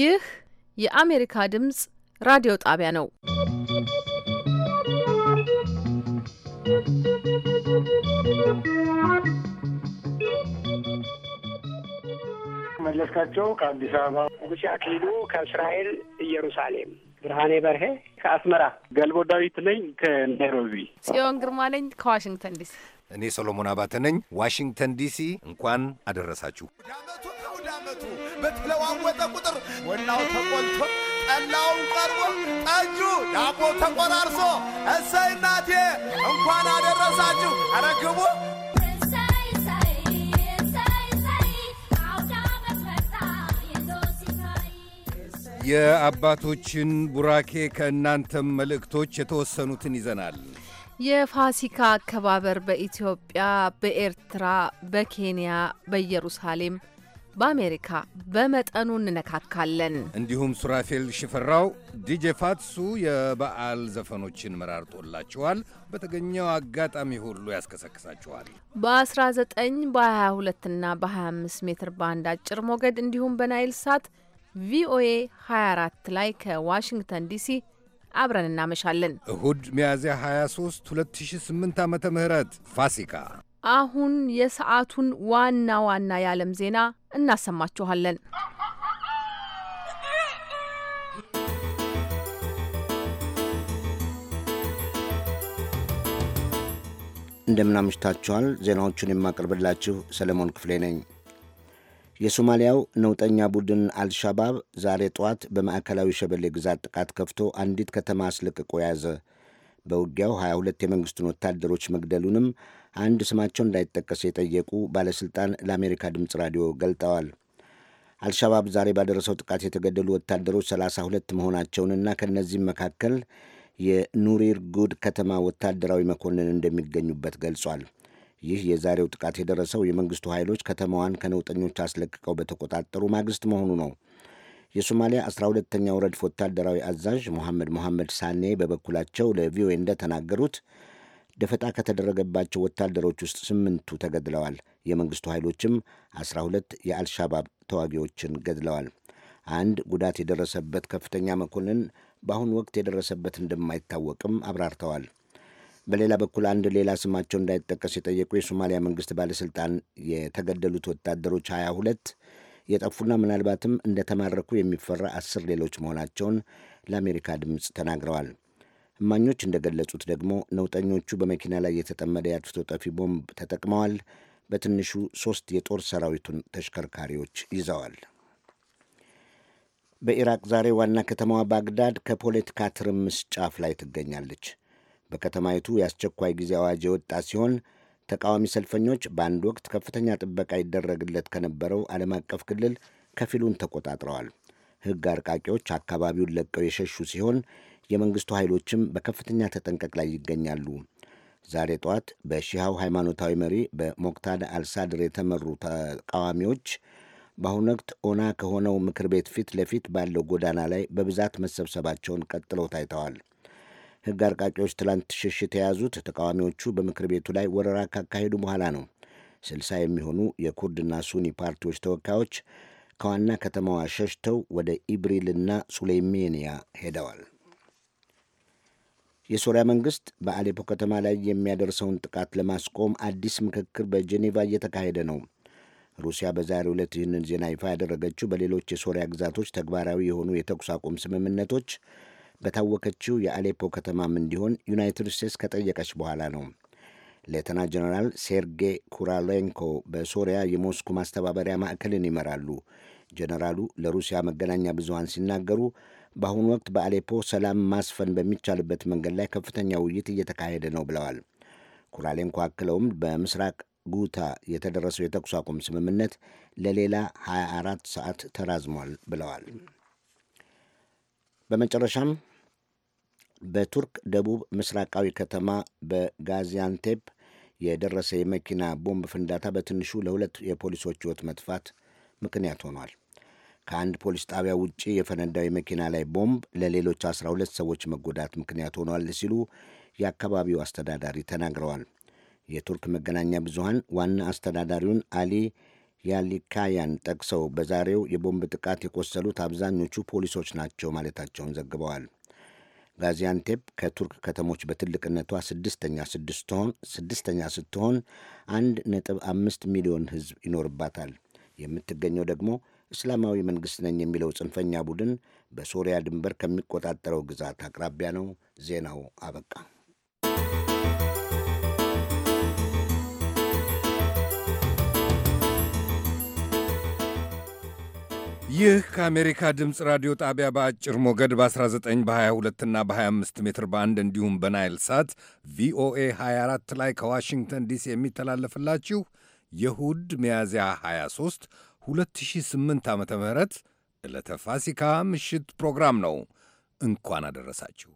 ይህ የአሜሪካ ድምፅ ራዲዮ ጣቢያ ነው። መለስካቸው ከአዲስ አበባ፣ ንጉሴ አክሊሉ ከእስራኤል ኢየሩሳሌም፣ ብርሃኔ በርሄ ከአስመራ፣ ገልቦ ዳዊት ነኝ ከናይሮቢ፣ ጽዮን ግርማ ነኝ ከዋሽንግተን ዲሲ። እኔ ሰሎሞን አባተ ነኝ። ዋሽንግተን ዲሲ እንኳን አደረሳችሁ። አመቱ በተለዋወጠ ቁጥር ወናው ተቆልቶ ጠላውን ቀርቦ ጠጁ ዳቦ ተቆራርሶ እሰይ እናቴ እንኳን አደረሳችሁ አረግቡ የአባቶችን ቡራኬ ከእናንተም መልእክቶች የተወሰኑትን ይዘናል። የፋሲካ አከባበር በኢትዮጵያ፣ በኤርትራ፣ በኬንያ፣ በኢየሩሳሌም፣ በአሜሪካ በመጠኑ እንነካካለን። እንዲሁም ሱራፌል ሽፈራው ዲጄ ፋትሱ የበዓል ዘፈኖችን መራርጦላችኋል። በተገኘው አጋጣሚ ሁሉ ያስከሰክሳችኋል። በ19 በ22 ና በ25 ሜትር ባንድ አጭር ሞገድ እንዲሁም በናይል ሳት ቪኦኤ 24 ላይ ከዋሽንግተን ዲሲ አብረን እናመሻለን። እሁድ ሚያዝያ 23 2008 ዓመተ ምህረት ፋሲካ። አሁን የሰዓቱን ዋና ዋና የዓለም ዜና እናሰማችኋለን። እንደምናምሽታችኋል። ዜናዎቹን የማቀርብላችሁ ሰለሞን ክፍሌ ነኝ። የሶማሊያው ነውጠኛ ቡድን አልሻባብ ዛሬ ጠዋት በማዕከላዊ ሸበሌ ግዛት ጥቃት ከፍቶ አንዲት ከተማ አስለቅቆ ያዘ። በውጊያው 22 የመንግሥቱን ወታደሮች መግደሉንም አንድ ስማቸው እንዳይጠቀስ የጠየቁ ባለሥልጣን ለአሜሪካ ድምፅ ራዲዮ ገልጠዋል። አልሻባብ ዛሬ ባደረሰው ጥቃት የተገደሉ ወታደሮች 32 መሆናቸውንና ከእነዚህም መካከል የኑሪር ጉድ ከተማ ወታደራዊ መኮንን እንደሚገኙበት ገልጿል። ይህ የዛሬው ጥቃት የደረሰው የመንግስቱ ኃይሎች ከተማዋን ከነውጠኞች አስለቅቀው በተቆጣጠሩ ማግስት መሆኑ ነው። የሶማሊያ 12ተኛው ረድፍ ወታደራዊ አዛዥ ሞሐመድ ሞሐመድ ሳኔ በበኩላቸው ለቪኦኤ እንደተናገሩት ደፈጣ ከተደረገባቸው ወታደሮች ውስጥ ስምንቱ ተገድለዋል። የመንግስቱ ኃይሎችም 12 የአልሻባብ ተዋጊዎችን ገድለዋል። አንድ ጉዳት የደረሰበት ከፍተኛ መኮንን በአሁኑ ወቅት የደረሰበት እንደማይታወቅም አብራርተዋል። በሌላ በኩል አንድ ሌላ ስማቸው እንዳይጠቀስ የጠየቁ የሶማሊያ መንግስት ባለስልጣን የተገደሉት ወታደሮች ሀያ ሁለት የጠፉና ምናልባትም እንደተማረኩ የሚፈራ አስር ሌሎች መሆናቸውን ለአሜሪካ ድምፅ ተናግረዋል። እማኞች እንደገለጹት ደግሞ ነውጠኞቹ በመኪና ላይ የተጠመደ የአጥፍቶ ጠፊ ቦምብ ተጠቅመዋል። በትንሹ ሶስት የጦር ሰራዊቱን ተሽከርካሪዎች ይዘዋል። በኢራቅ ዛሬ ዋና ከተማዋ ባግዳድ ከፖለቲካ ትርምስ ጫፍ ላይ ትገኛለች። በከተማይቱ የአስቸኳይ ጊዜ አዋጅ የወጣ ሲሆን ተቃዋሚ ሰልፈኞች በአንድ ወቅት ከፍተኛ ጥበቃ ይደረግለት ከነበረው ዓለም አቀፍ ክልል ከፊሉን ተቆጣጥረዋል። ሕግ አርቃቂዎች አካባቢውን ለቀው የሸሹ ሲሆን የመንግሥቱ ኃይሎችም በከፍተኛ ተጠንቀቅ ላይ ይገኛሉ። ዛሬ ጠዋት በሺሃው ሃይማኖታዊ መሪ በሞክታድ አልሳድር የተመሩ ተቃዋሚዎች በአሁኑ ወቅት ኦና ከሆነው ምክር ቤት ፊት ለፊት ባለው ጎዳና ላይ በብዛት መሰብሰባቸውን ቀጥለው ታይተዋል። ሕግ አርቃቂዎች ትላንት ሽሽት የያዙት ተቃዋሚዎቹ በምክር ቤቱ ላይ ወረራ ካካሄዱ በኋላ ነው። ስልሳ የሚሆኑ የኩርድና ሱኒ ፓርቲዎች ተወካዮች ከዋና ከተማዋ ሸሽተው ወደ ኢብሪልና ሱሌይሜንያ ሄደዋል። የሶሪያ መንግሥት በአሌፖ ከተማ ላይ የሚያደርሰውን ጥቃት ለማስቆም አዲስ ምክክር በጄኔቫ እየተካሄደ ነው። ሩሲያ በዛሬው ዕለት ይህንን ዜና ይፋ ያደረገችው በሌሎች የሶሪያ ግዛቶች ተግባራዊ የሆኑ የተኩስ አቁም ስምምነቶች በታወከችው የአሌፖ ከተማም እንዲሆን ዩናይትድ ስቴትስ ከጠየቀች በኋላ ነው። ሌተና ጀነራል ሴርጌ ኩራሌንኮ በሶሪያ የሞስኩ ማስተባበሪያ ማዕከልን ይመራሉ። ጀነራሉ ለሩሲያ መገናኛ ብዙሃን ሲናገሩ በአሁኑ ወቅት በአሌፖ ሰላም ማስፈን በሚቻልበት መንገድ ላይ ከፍተኛ ውይይት እየተካሄደ ነው ብለዋል። ኩራሌንኮ አክለውም በምስራቅ ጉታ የተደረሰው የተኩስ አቁም ስምምነት ለሌላ 24 ሰዓት ተራዝሟል ብለዋል። በመጨረሻም በቱርክ ደቡብ ምስራቃዊ ከተማ በጋዚያንቴፕ የደረሰ የመኪና ቦምብ ፍንዳታ በትንሹ ለሁለት የፖሊሶች ሕይወት መጥፋት ምክንያት ሆኗል። ከአንድ ፖሊስ ጣቢያ ውጪ የፈነዳው የመኪና ላይ ቦምብ ለሌሎች 12 ሰዎች መጎዳት ምክንያት ሆኗል ሲሉ የአካባቢው አስተዳዳሪ ተናግረዋል። የቱርክ መገናኛ ብዙሃን ዋና አስተዳዳሪውን አሊ ያሊካያን ጠቅሰው በዛሬው የቦምብ ጥቃት የቆሰሉት አብዛኞቹ ፖሊሶች ናቸው ማለታቸውን ዘግበዋል። ጋዚያንቴፕ ከቱርክ ከተሞች በትልቅነቷ ስድስተኛ ስትሆን ስድስተኛ ስትሆን አንድ ነጥብ አምስት ሚሊዮን ህዝብ ይኖርባታል። የምትገኘው ደግሞ እስላማዊ መንግሥት ነኝ የሚለው ጽንፈኛ ቡድን በሶሪያ ድንበር ከሚቆጣጠረው ግዛት አቅራቢያ ነው። ዜናው አበቃ። ይህ ከአሜሪካ ድምፅ ራዲዮ ጣቢያ በአጭር ሞገድ በ19 በ22 እና በ25 ሜትር ባንድ እንዲሁም በናይል ሳት ቪኦኤ 24 ላይ ከዋሽንግተን ዲሲ የሚተላለፍላችሁ የሁድ ሚያዝያ 23 2008 ዓ ም ዕለተ ፋሲካ ምሽት ፕሮግራም ነው። እንኳን አደረሳችሁ።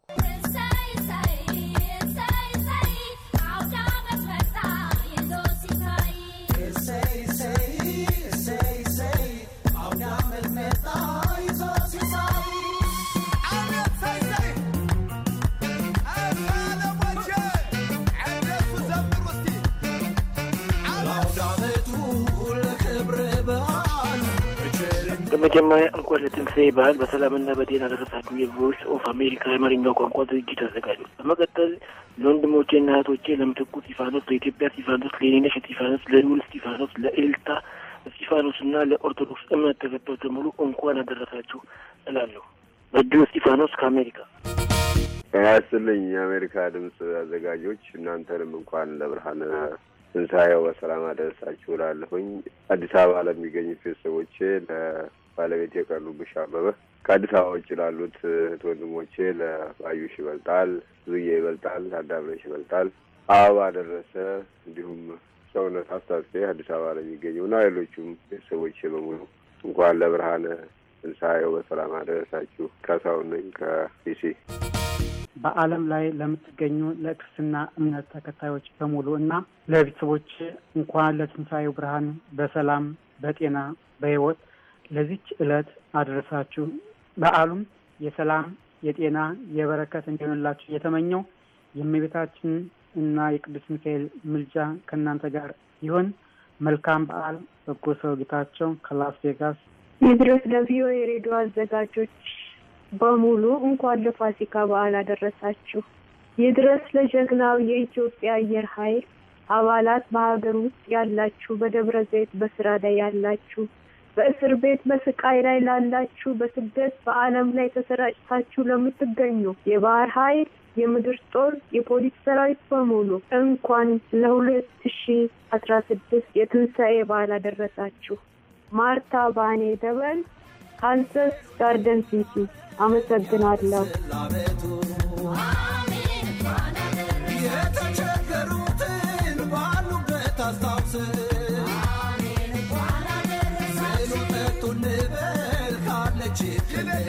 በመጀመሪያ እንኳን ለትንሣኤ በዓል በሰላምና በጤና ደረሳችሁ። የቮይስ ኦፍ አሜሪካ የአማርኛው ቋንቋ ዝግጅት አዘጋጁ። በመቀጠል ና እህቶቼ ለምትኩ እስጢፋኖስ፣ ለኢትዮጵያ እስጢፋኖስ፣ ለኔነሽ እስጢፋኖስ፣ ለልዑል እስጢፋኖስ፣ ለኤልታ እስጢፋኖስና ለኦርቶዶክስ እምነት ተከታዮች በሙሉ እንኳን አደረሳችሁ እላለሁ። በድሉ እስጢፋኖስ ከአሜሪካ ያስልኝ። የአሜሪካ ድምፅ አዘጋጆች እናንተንም እንኳን ለብርሃነ ትንሣኤው በሰላም አደረሳችሁ እላለሁኝ። አዲስ አበባ ለሚገኙ ቤተሰቦቼ ባለቤት ብሻ አበበ ከአዲስ አበባ ውጭ ላሉት እህት ወንድሞቼ ለባዩሽ ይበልጣል፣ ዙዬ ይበልጣል፣ አዳምነሽ ይበልጣል፣ አበባ ደረሰ እንዲሁም ሰውነት አስታጥቄ አዲስ አበባ ላይ የሚገኘው እና ሌሎቹም ቤተሰቦች በሙሉ እንኳን ለብርሃነ ትንሣኤው በሰላም አደረሳችሁ። ከሳውን ነኝ ከዲሲ። በዓለም ላይ ለምትገኙ ለክርስትና እምነት ተከታዮች በሙሉ እና ለቤተሰቦች እንኳን ለትንሣኤው ብርሃን በሰላም በጤና በሕይወት ለዚች ዕለት አድረሳችሁ። በዓሉም የሰላም የጤና የበረከት እንዲሆንላችሁ እየተመኘው የእመቤታችን እና የቅዱስ ሚካኤል ምልጃ ከእናንተ ጋር ይሁን። መልካም በዓል። በጎ ሰው ጌታቸው ከላስ ቬጋስ ይድረስ። ለቪኦኤ የሬዲዮ አዘጋጆች በሙሉ እንኳን ለፋሲካ በዓል አደረሳችሁ። የድረስ ለጀግናው የኢትዮጵያ አየር ኃይል አባላት፣ በሀገር ውስጥ ያላችሁ፣ በደብረ ዘይት በስራ ላይ ያላችሁ በእስር ቤት በስቃይ ላይ ላላችሁ፣ በስደት በዓለም ላይ ተሰራጭታችሁ ለምትገኙ የባህር ኃይል፣ የምድር ጦር፣ የፖሊስ ሰራዊት በሙሉ እንኳን ለሁለት ሺ አስራ ስድስት የትንሣኤ በዓል አደረሳችሁ። ማርታ ባኔ ደበል ካንሰስ ጋርደን ሲቲ አመሰግናለሁ። የተቸገሩትን ባሉበት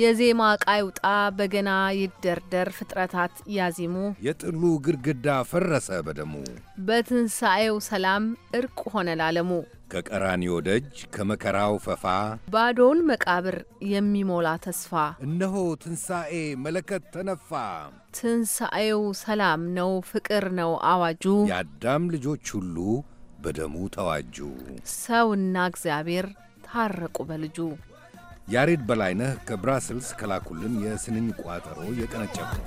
የዜማ ዕቃ ይውጣ፣ በገና ይደርደር፣ ፍጥረታት ያዚሙ፣ የጥሉ ግድግዳ ፈረሰ በደሙ፣ በትንሣኤው ሰላም እርቅ ሆነ ላለሙ፣ ከቀራንዮ ደጅ ከመከራው ፈፋ፣ ባዶውን መቃብር የሚሞላ ተስፋ፣ እነሆ ትንሣኤ መለከት ተነፋ። ትንሣኤው ሰላም ነው፣ ፍቅር ነው አዋጁ፣ የአዳም ልጆች ሁሉ በደሙ ተዋጁ፣ ሰውና እግዚአብሔር ታረቁ በልጁ። ያሬድ በላይነህ ከብራስልስ ከላኩልን የስንኝ ቋጠሮ የቀነጨበው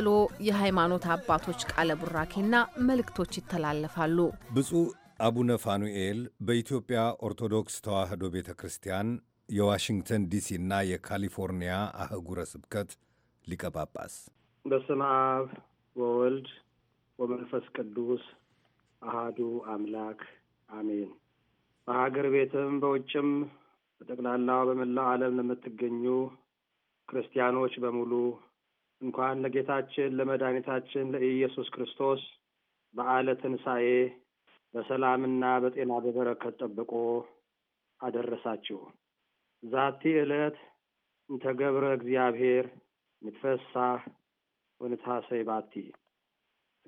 ቀጥሎ የሃይማኖት አባቶች ቃለ ቡራኬና መልእክቶች ይተላለፋሉ። ብፁዕ አቡነ ፋኑኤል በኢትዮጵያ ኦርቶዶክስ ተዋሕዶ ቤተ ክርስቲያን የዋሽንግተን ዲሲና የካሊፎርኒያ አህጉረ ስብከት ሊቀ ጳጳስ። በስመ አብ ወወልድ ወመንፈስ ቅዱስ አህዱ አምላክ አሜን። በሀገር ቤትም በውጭም በጠቅላላው በመላው ዓለም ለምትገኙ ክርስቲያኖች በሙሉ እንኳን ለጌታችን ለመድኃኒታችን ለኢየሱስ ክርስቶስ በዓለ ትንሣኤ በሰላምና በጤና በበረከት ጠብቆ አደረሳችሁ። ዛቲ ዕለት እንተ ገብረ እግዚአብሔር ምትፈሳህ ወንታሰይ ባቲ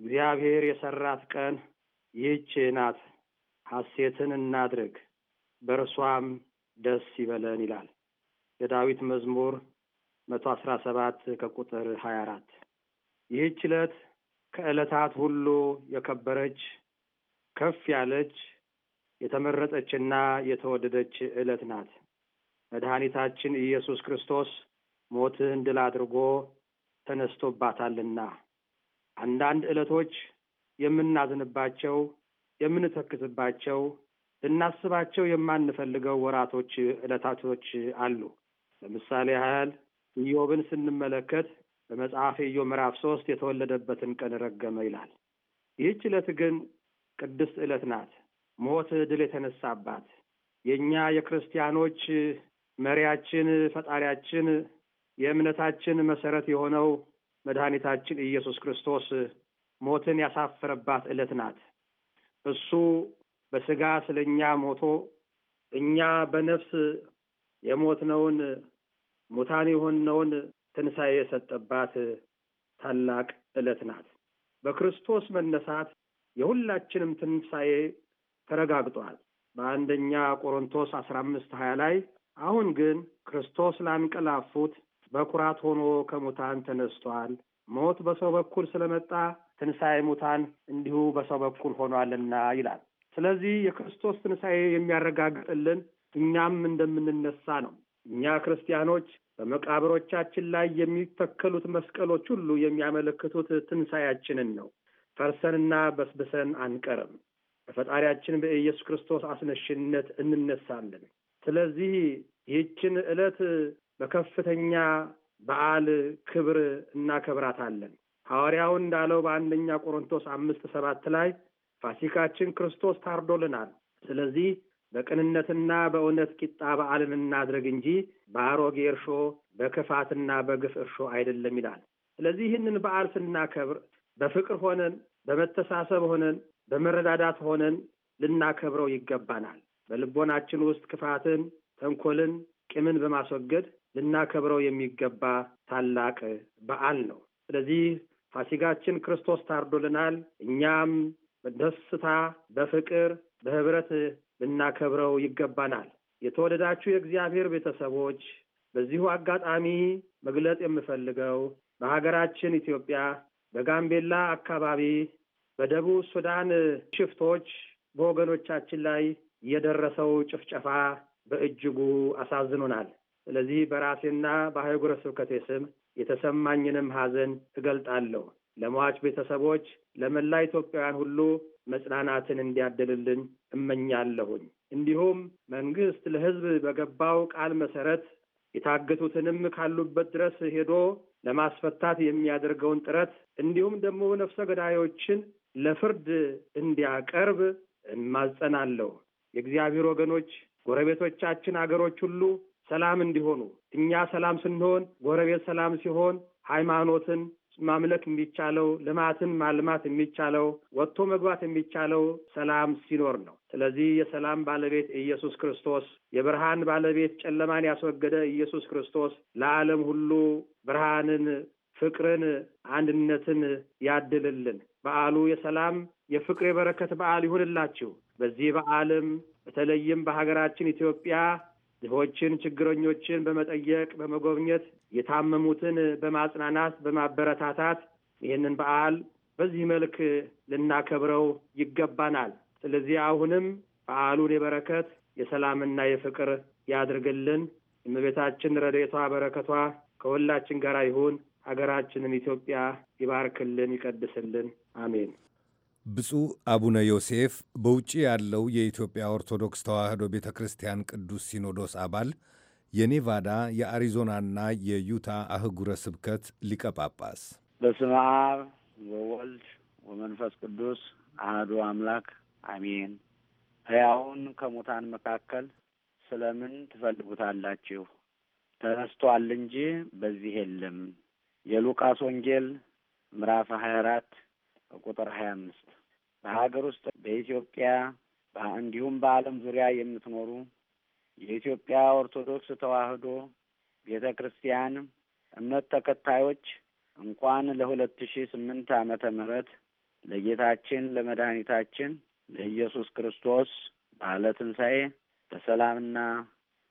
እግዚአብሔር የሰራት ቀን ይህች ናት፣ ሐሴትን እናድርግ በእርሷም ደስ ይበለን ይላል የዳዊት መዝሙር መቶ አስራ ሰባት ከቁጥር ሀያ አራት ይህች ዕለት ከዕለታት ሁሉ የከበረች ከፍ ያለች የተመረጠችና የተወደደች ዕለት ናት። መድኃኒታችን ኢየሱስ ክርስቶስ ሞትን ድል አድርጎ ተነስቶባታልና አንዳንድ ዕለቶች የምናዝንባቸው፣ የምንተክትባቸው፣ ልናስባቸው የማንፈልገው ወራቶች፣ ዕለታቶች አሉ። ለምሳሌ ያህል ኢዮብን ስንመለከት በመጽሐፈ ኢዮብ ምዕራፍ ሶስት የተወለደበትን ቀን ረገመ ይላል። ይህች ዕለት ግን ቅድስት ዕለት ናት። ሞት ድል የተነሳባት የእኛ የክርስቲያኖች መሪያችን፣ ፈጣሪያችን፣ የእምነታችን መሰረት የሆነው መድኃኒታችን ኢየሱስ ክርስቶስ ሞትን ያሳፈረባት ዕለት ናት። እሱ በስጋ ስለ እኛ ሞቶ እኛ በነፍስ የሞትነውን ሙታን የሆነውን ትንሣኤ የሰጠባት ታላቅ ዕለት ናት። በክርስቶስ መነሳት የሁላችንም ትንሣኤ ተረጋግጧል። በአንደኛ ቆሮንቶስ አስራ አምስት ሀያ ላይ አሁን ግን ክርስቶስ ላንቀላፉት በኩራት ሆኖ ከሙታን ተነስቷል፣ ሞት በሰው በኩል ስለመጣ ትንሣኤ ሙታን እንዲሁ በሰው በኩል ሆኗልና ይላል። ስለዚህ የክርስቶስ ትንሣኤ የሚያረጋግጥልን እኛም እንደምንነሳ ነው። እኛ ክርስቲያኖች በመቃብሮቻችን ላይ የሚተከሉት መስቀሎች ሁሉ የሚያመለክቱት ትንሣያችንን ነው። ፈርሰንና በስብሰን አንቀርም። በፈጣሪያችን በኢየሱስ ክርስቶስ አስነሽነት እንነሳለን። ስለዚህ ይህችን ዕለት በከፍተኛ በዓል ክብር እናከብራታለን። ሐዋርያው እንዳለው በአንደኛ ቆሮንቶስ አምስት ሰባት ላይ ፋሲካችን ክርስቶስ ታርዶልናል። ስለዚህ በቅንነትና በእውነት ቂጣ በዓልን እናድረግ እንጂ በአሮጌ እርሾ በክፋትና በግፍ እርሾ አይደለም ይላል። ስለዚህ ይህንን በዓል ስናከብር በፍቅር ሆነን በመተሳሰብ ሆነን በመረዳዳት ሆነን ልናከብረው ይገባናል። በልቦናችን ውስጥ ክፋትን፣ ተንኮልን፣ ቂምን በማስወገድ ልናከብረው የሚገባ ታላቅ በዓል ነው። ስለዚህ ፋሲጋችን ክርስቶስ ታርዶልናል። እኛም በደስታ በፍቅር በህብረት ልናከብረው ይገባናል። የተወደዳችሁ የእግዚአብሔር ቤተሰቦች በዚሁ አጋጣሚ መግለጽ የምፈልገው በሀገራችን ኢትዮጵያ በጋምቤላ አካባቢ፣ በደቡብ ሱዳን ሽፍቶች በወገኖቻችን ላይ የደረሰው ጭፍጨፋ በእጅጉ አሳዝኖናል። ስለዚህ በራሴና በአህጉረ ስብከቴ ስም የተሰማኝንም ሐዘን እገልጣለሁ። ለሟች ቤተሰቦች፣ ለመላ ኢትዮጵያውያን ሁሉ መጽናናትን እንዲያደልልን እመኛለሁኝ። እንዲሁም መንግስት ለህዝብ በገባው ቃል መሰረት የታገቱትንም ካሉበት ድረስ ሄዶ ለማስፈታት የሚያደርገውን ጥረት እንዲሁም ደግሞ ነፍሰ ገዳዮችን ለፍርድ እንዲያቀርብ እማጸናለሁ። የእግዚአብሔር ወገኖች፣ ጎረቤቶቻችን አገሮች ሁሉ ሰላም እንዲሆኑ፣ እኛ ሰላም ስንሆን፣ ጎረቤት ሰላም ሲሆን፣ ሃይማኖትን ማምለክ የሚቻለው ልማትን ማልማት የሚቻለው ወጥቶ መግባት የሚቻለው ሰላም ሲኖር ነው። ስለዚህ የሰላም ባለቤት ኢየሱስ ክርስቶስ፣ የብርሃን ባለቤት ጨለማን ያስወገደ ኢየሱስ ክርስቶስ ለዓለም ሁሉ ብርሃንን፣ ፍቅርን፣ አንድነትን ያድልልን። በዓሉ የሰላም የፍቅር የበረከት በዓል ይሁንላችሁ። በዚህ በዓልም በተለይም በሀገራችን ኢትዮጵያ ድሆችን፣ ችግረኞችን በመጠየቅ በመጎብኘት የታመሙትን በማጽናናት በማበረታታት ይህንን በዓል በዚህ መልክ ልናከብረው ይገባናል። ስለዚህ አሁንም በዓሉን የበረከት የሰላምና የፍቅር ያድርግልን። እመቤታችን ረድኤቷ በረከቷ ከሁላችን ጋር ይሁን። ሀገራችንን ኢትዮጵያ ይባርክልን፣ ይቀድስልን። አሜን። ብፁዕ አቡነ ዮሴፍ በውጭ ያለው የኢትዮጵያ ኦርቶዶክስ ተዋሕዶ ቤተ ክርስቲያን ቅዱስ ሲኖዶስ አባል የኔቫዳ የአሪዞናና የዩታ አህጉረ ስብከት ሊቀ ጳጳስ። በስመ አብ ወወልድ ወመንፈስ ቅዱስ አህዱ አምላክ አሜን። ሕያውን ከሙታን መካከል ስለምን ትፈልጉታላችሁ? ተነስቷል እንጂ በዚህ የለም። የሉቃስ ወንጌል ምዕራፍ ሀያ አራት ቁጥር ሀያ አምስት በሀገር ውስጥ በኢትዮጵያ እንዲሁም በዓለም ዙሪያ የምትኖሩ የኢትዮጵያ ኦርቶዶክስ ተዋህዶ ቤተ ክርስቲያን እምነት ተከታዮች እንኳን ለሁለት ሺ ስምንት ዓመተ ምህረት ለጌታችን ለመድኃኒታችን ለኢየሱስ ክርስቶስ በዓለ ትንሣኤ በሰላምና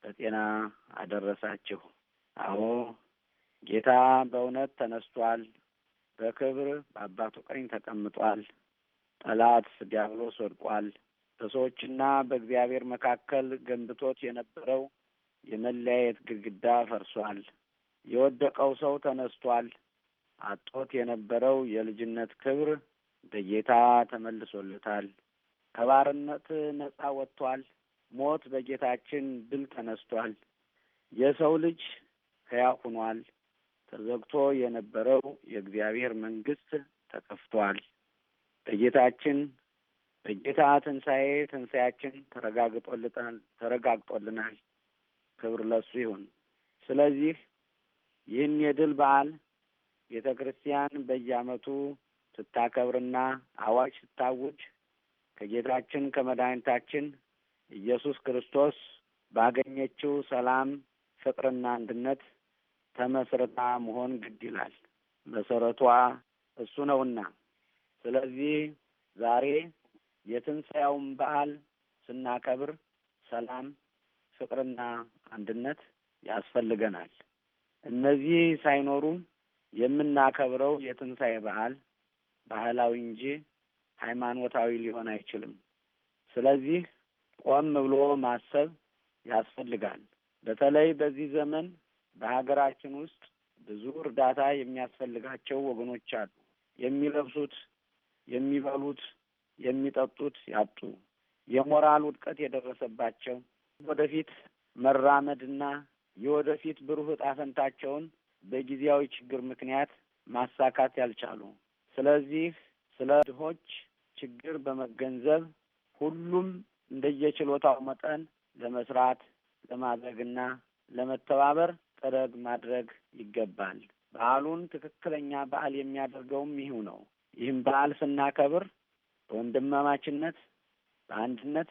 በጤና አደረሳችሁ። አዎ ጌታ በእውነት ተነስቷል። በክብር በአባቱ ቀኝ ተቀምጧል። ጠላት ዲያብሎስ ወድቋል። በሰዎችና በእግዚአብሔር መካከል ገንብቶት የነበረው የመለያየት ግድግዳ ፈርሷል። የወደቀው ሰው ተነስቷል። አጦት የነበረው የልጅነት ክብር በጌታ ተመልሶለታል። ከባርነት ነጻ ወጥቷል። ሞት በጌታችን ድል ተነስቷል። የሰው ልጅ ሕያው ሆኗል። ተዘግቶ የነበረው የእግዚአብሔር መንግስት ተከፍቷል። በጌታችን በጌታ ትንሣኤ ትንሣያችን ተረጋግጦልናል ተረጋግጦልናል። ክብር ለሱ ይሁን። ስለዚህ ይህን የድል በዓል ቤተ ክርስቲያን በየዓመቱ ስታከብርና አዋጅ ስታውጅ ከጌታችን ከመድኃኒታችን ኢየሱስ ክርስቶስ ባገኘችው ሰላም ፍቅርና አንድነት ተመስርታ መሆን ግድ ይላል። መሰረቷ እሱ ነውና ስለዚህ ዛሬ የትንሣኤውን በዓል ስናከብር ሰላም፣ ፍቅርና አንድነት ያስፈልገናል። እነዚህ ሳይኖሩ የምናከብረው የትንሣኤ በዓል ባህላዊ እንጂ ሃይማኖታዊ ሊሆን አይችልም። ስለዚህ ቆም ብሎ ማሰብ ያስፈልጋል። በተለይ በዚህ ዘመን በሀገራችን ውስጥ ብዙ እርዳታ የሚያስፈልጋቸው ወገኖች አሉ። የሚለብሱት፣ የሚበሉት የሚጠጡት ያጡ፣ የሞራል ውድቀት የደረሰባቸው ወደፊት መራመድና የወደፊት ብሩህ ዕጣ ፈንታቸውን በጊዜያዊ ችግር ምክንያት ማሳካት ያልቻሉ። ስለዚህ ስለ ድሆች ችግር በመገንዘብ ሁሉም እንደየችሎታው መጠን ለመስራት ለማድረግና ለመተባበር ጥረግ ማድረግ ይገባል። በዓሉን ትክክለኛ በዓል የሚያደርገውም ይህው ነው። ይህም በዓል ስናከብር በወንድማማችነት በአንድነት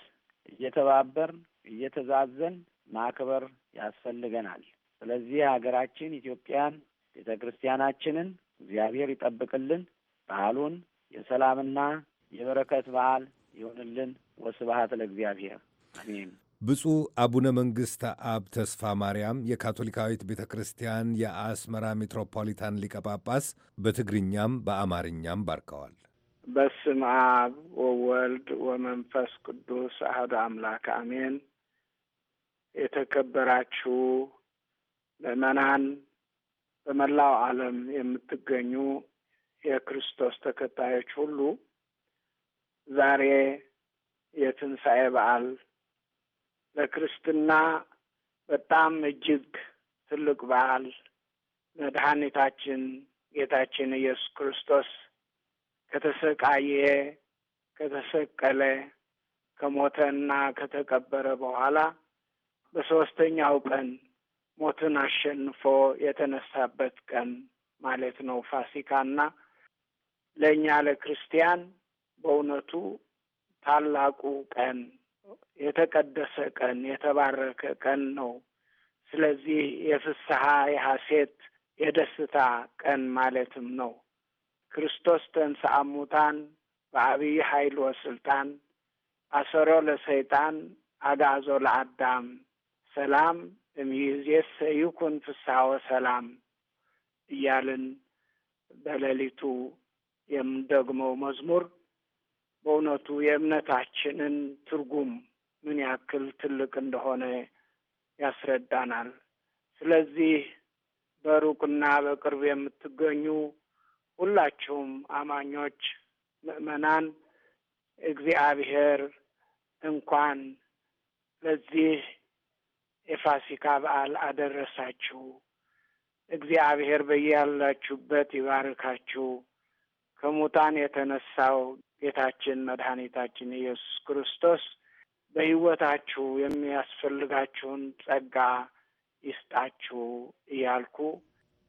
እየተባበር እየተዛዘን ማክበር ያስፈልገናል። ስለዚህ ሀገራችን ኢትዮጵያን፣ ቤተ ክርስቲያናችንን እግዚአብሔር ይጠብቅልን። በዓሉን የሰላምና የበረከት በዓል ይሁንልን። ወስብሐት ለእግዚአብሔር። አሜን። ብፁዕ አቡነ መንግሥተ አብ ተስፋ ማርያም የካቶሊካዊት ቤተ ክርስቲያን የአስመራ ሜትሮፖሊታን ሊቀ ጳጳስ በትግርኛም በአማርኛም ባርከዋል። በስም አብ ወወልድ ወመንፈስ ቅዱስ አህዶ አምላክ አሜን። የተከበራችሁ ምእመናን፣ በመላው ዓለም የምትገኙ የክርስቶስ ተከታዮች ሁሉ ዛሬ የትንሣኤ በዓል ለክርስትና በጣም እጅግ ትልቅ በዓል መድኃኒታችን ጌታችን ኢየሱስ ክርስቶስ ከተሰቃየ ከተሰቀለ ከሞተና ከተቀበረ በኋላ በሶስተኛው ቀን ሞትን አሸንፎ የተነሳበት ቀን ማለት ነው ፋሲካና ለእኛ ለክርስቲያን በእውነቱ ታላቁ ቀን የተቀደሰ ቀን የተባረከ ቀን ነው። ስለዚህ የፍስሐ የሐሴት የደስታ ቀን ማለትም ነው። ክርስቶስ ተንሥአ እሙታን በዓብይ ኃይል ወስልጣን አሰሮ ለሰይጣን አግዓዞ ለአዳም ሰላም እምይእዜሰ ይኩን ፍስሐ ወሰላም እያልን በሌሊቱ የምንደግመው መዝሙር በእውነቱ የእምነታችንን ትርጉም ምን ያክል ትልቅ እንደሆነ ያስረዳናል። ስለዚህ በሩቅና በቅርብ የምትገኙ ሁላችሁም አማኞች ምእመናን እግዚአብሔር እንኳን ለዚህ የፋሲካ በዓል አደረሳችሁ። እግዚአብሔር በያላችሁበት ይባርካችሁ። ከሙታን የተነሳው ጌታችን መድኃኒታችን ኢየሱስ ክርስቶስ በሕይወታችሁ የሚያስፈልጋችሁን ጸጋ ይስጣችሁ እያልኩ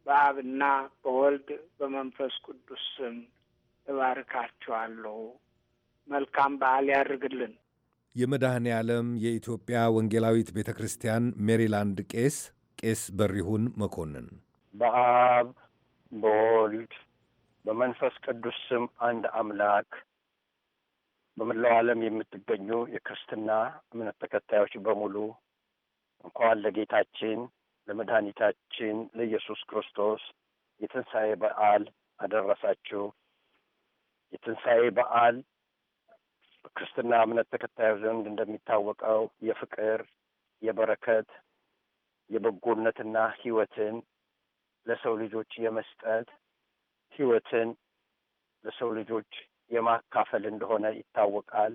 በአብና በወልድ በመንፈስ ቅዱስ ስም እባርካችኋለሁ። መልካም በዓል ያድርግልን። የመድኃኔ ዓለም የኢትዮጵያ ወንጌላዊት ቤተ ክርስቲያን ሜሪላንድ ቄስ ቄስ በሪሁን መኮንን በአብ በወልድ በመንፈስ ቅዱስ ስም አንድ አምላክ በመላው ዓለም የምትገኙ የክርስትና እምነት ተከታዮች በሙሉ እንኳን ለጌታችን ለመድኃኒታችን ለኢየሱስ ክርስቶስ የትንሣኤ በዓል አደረሳችሁ። የትንሣኤ በዓል በክርስትና እምነት ተከታዮች ዘንድ እንደሚታወቀው የፍቅር፣ የበረከት፣ የበጎነትና ሕይወትን ለሰው ልጆች የመስጠት ሕይወትን ለሰው ልጆች የማካፈል እንደሆነ ይታወቃል።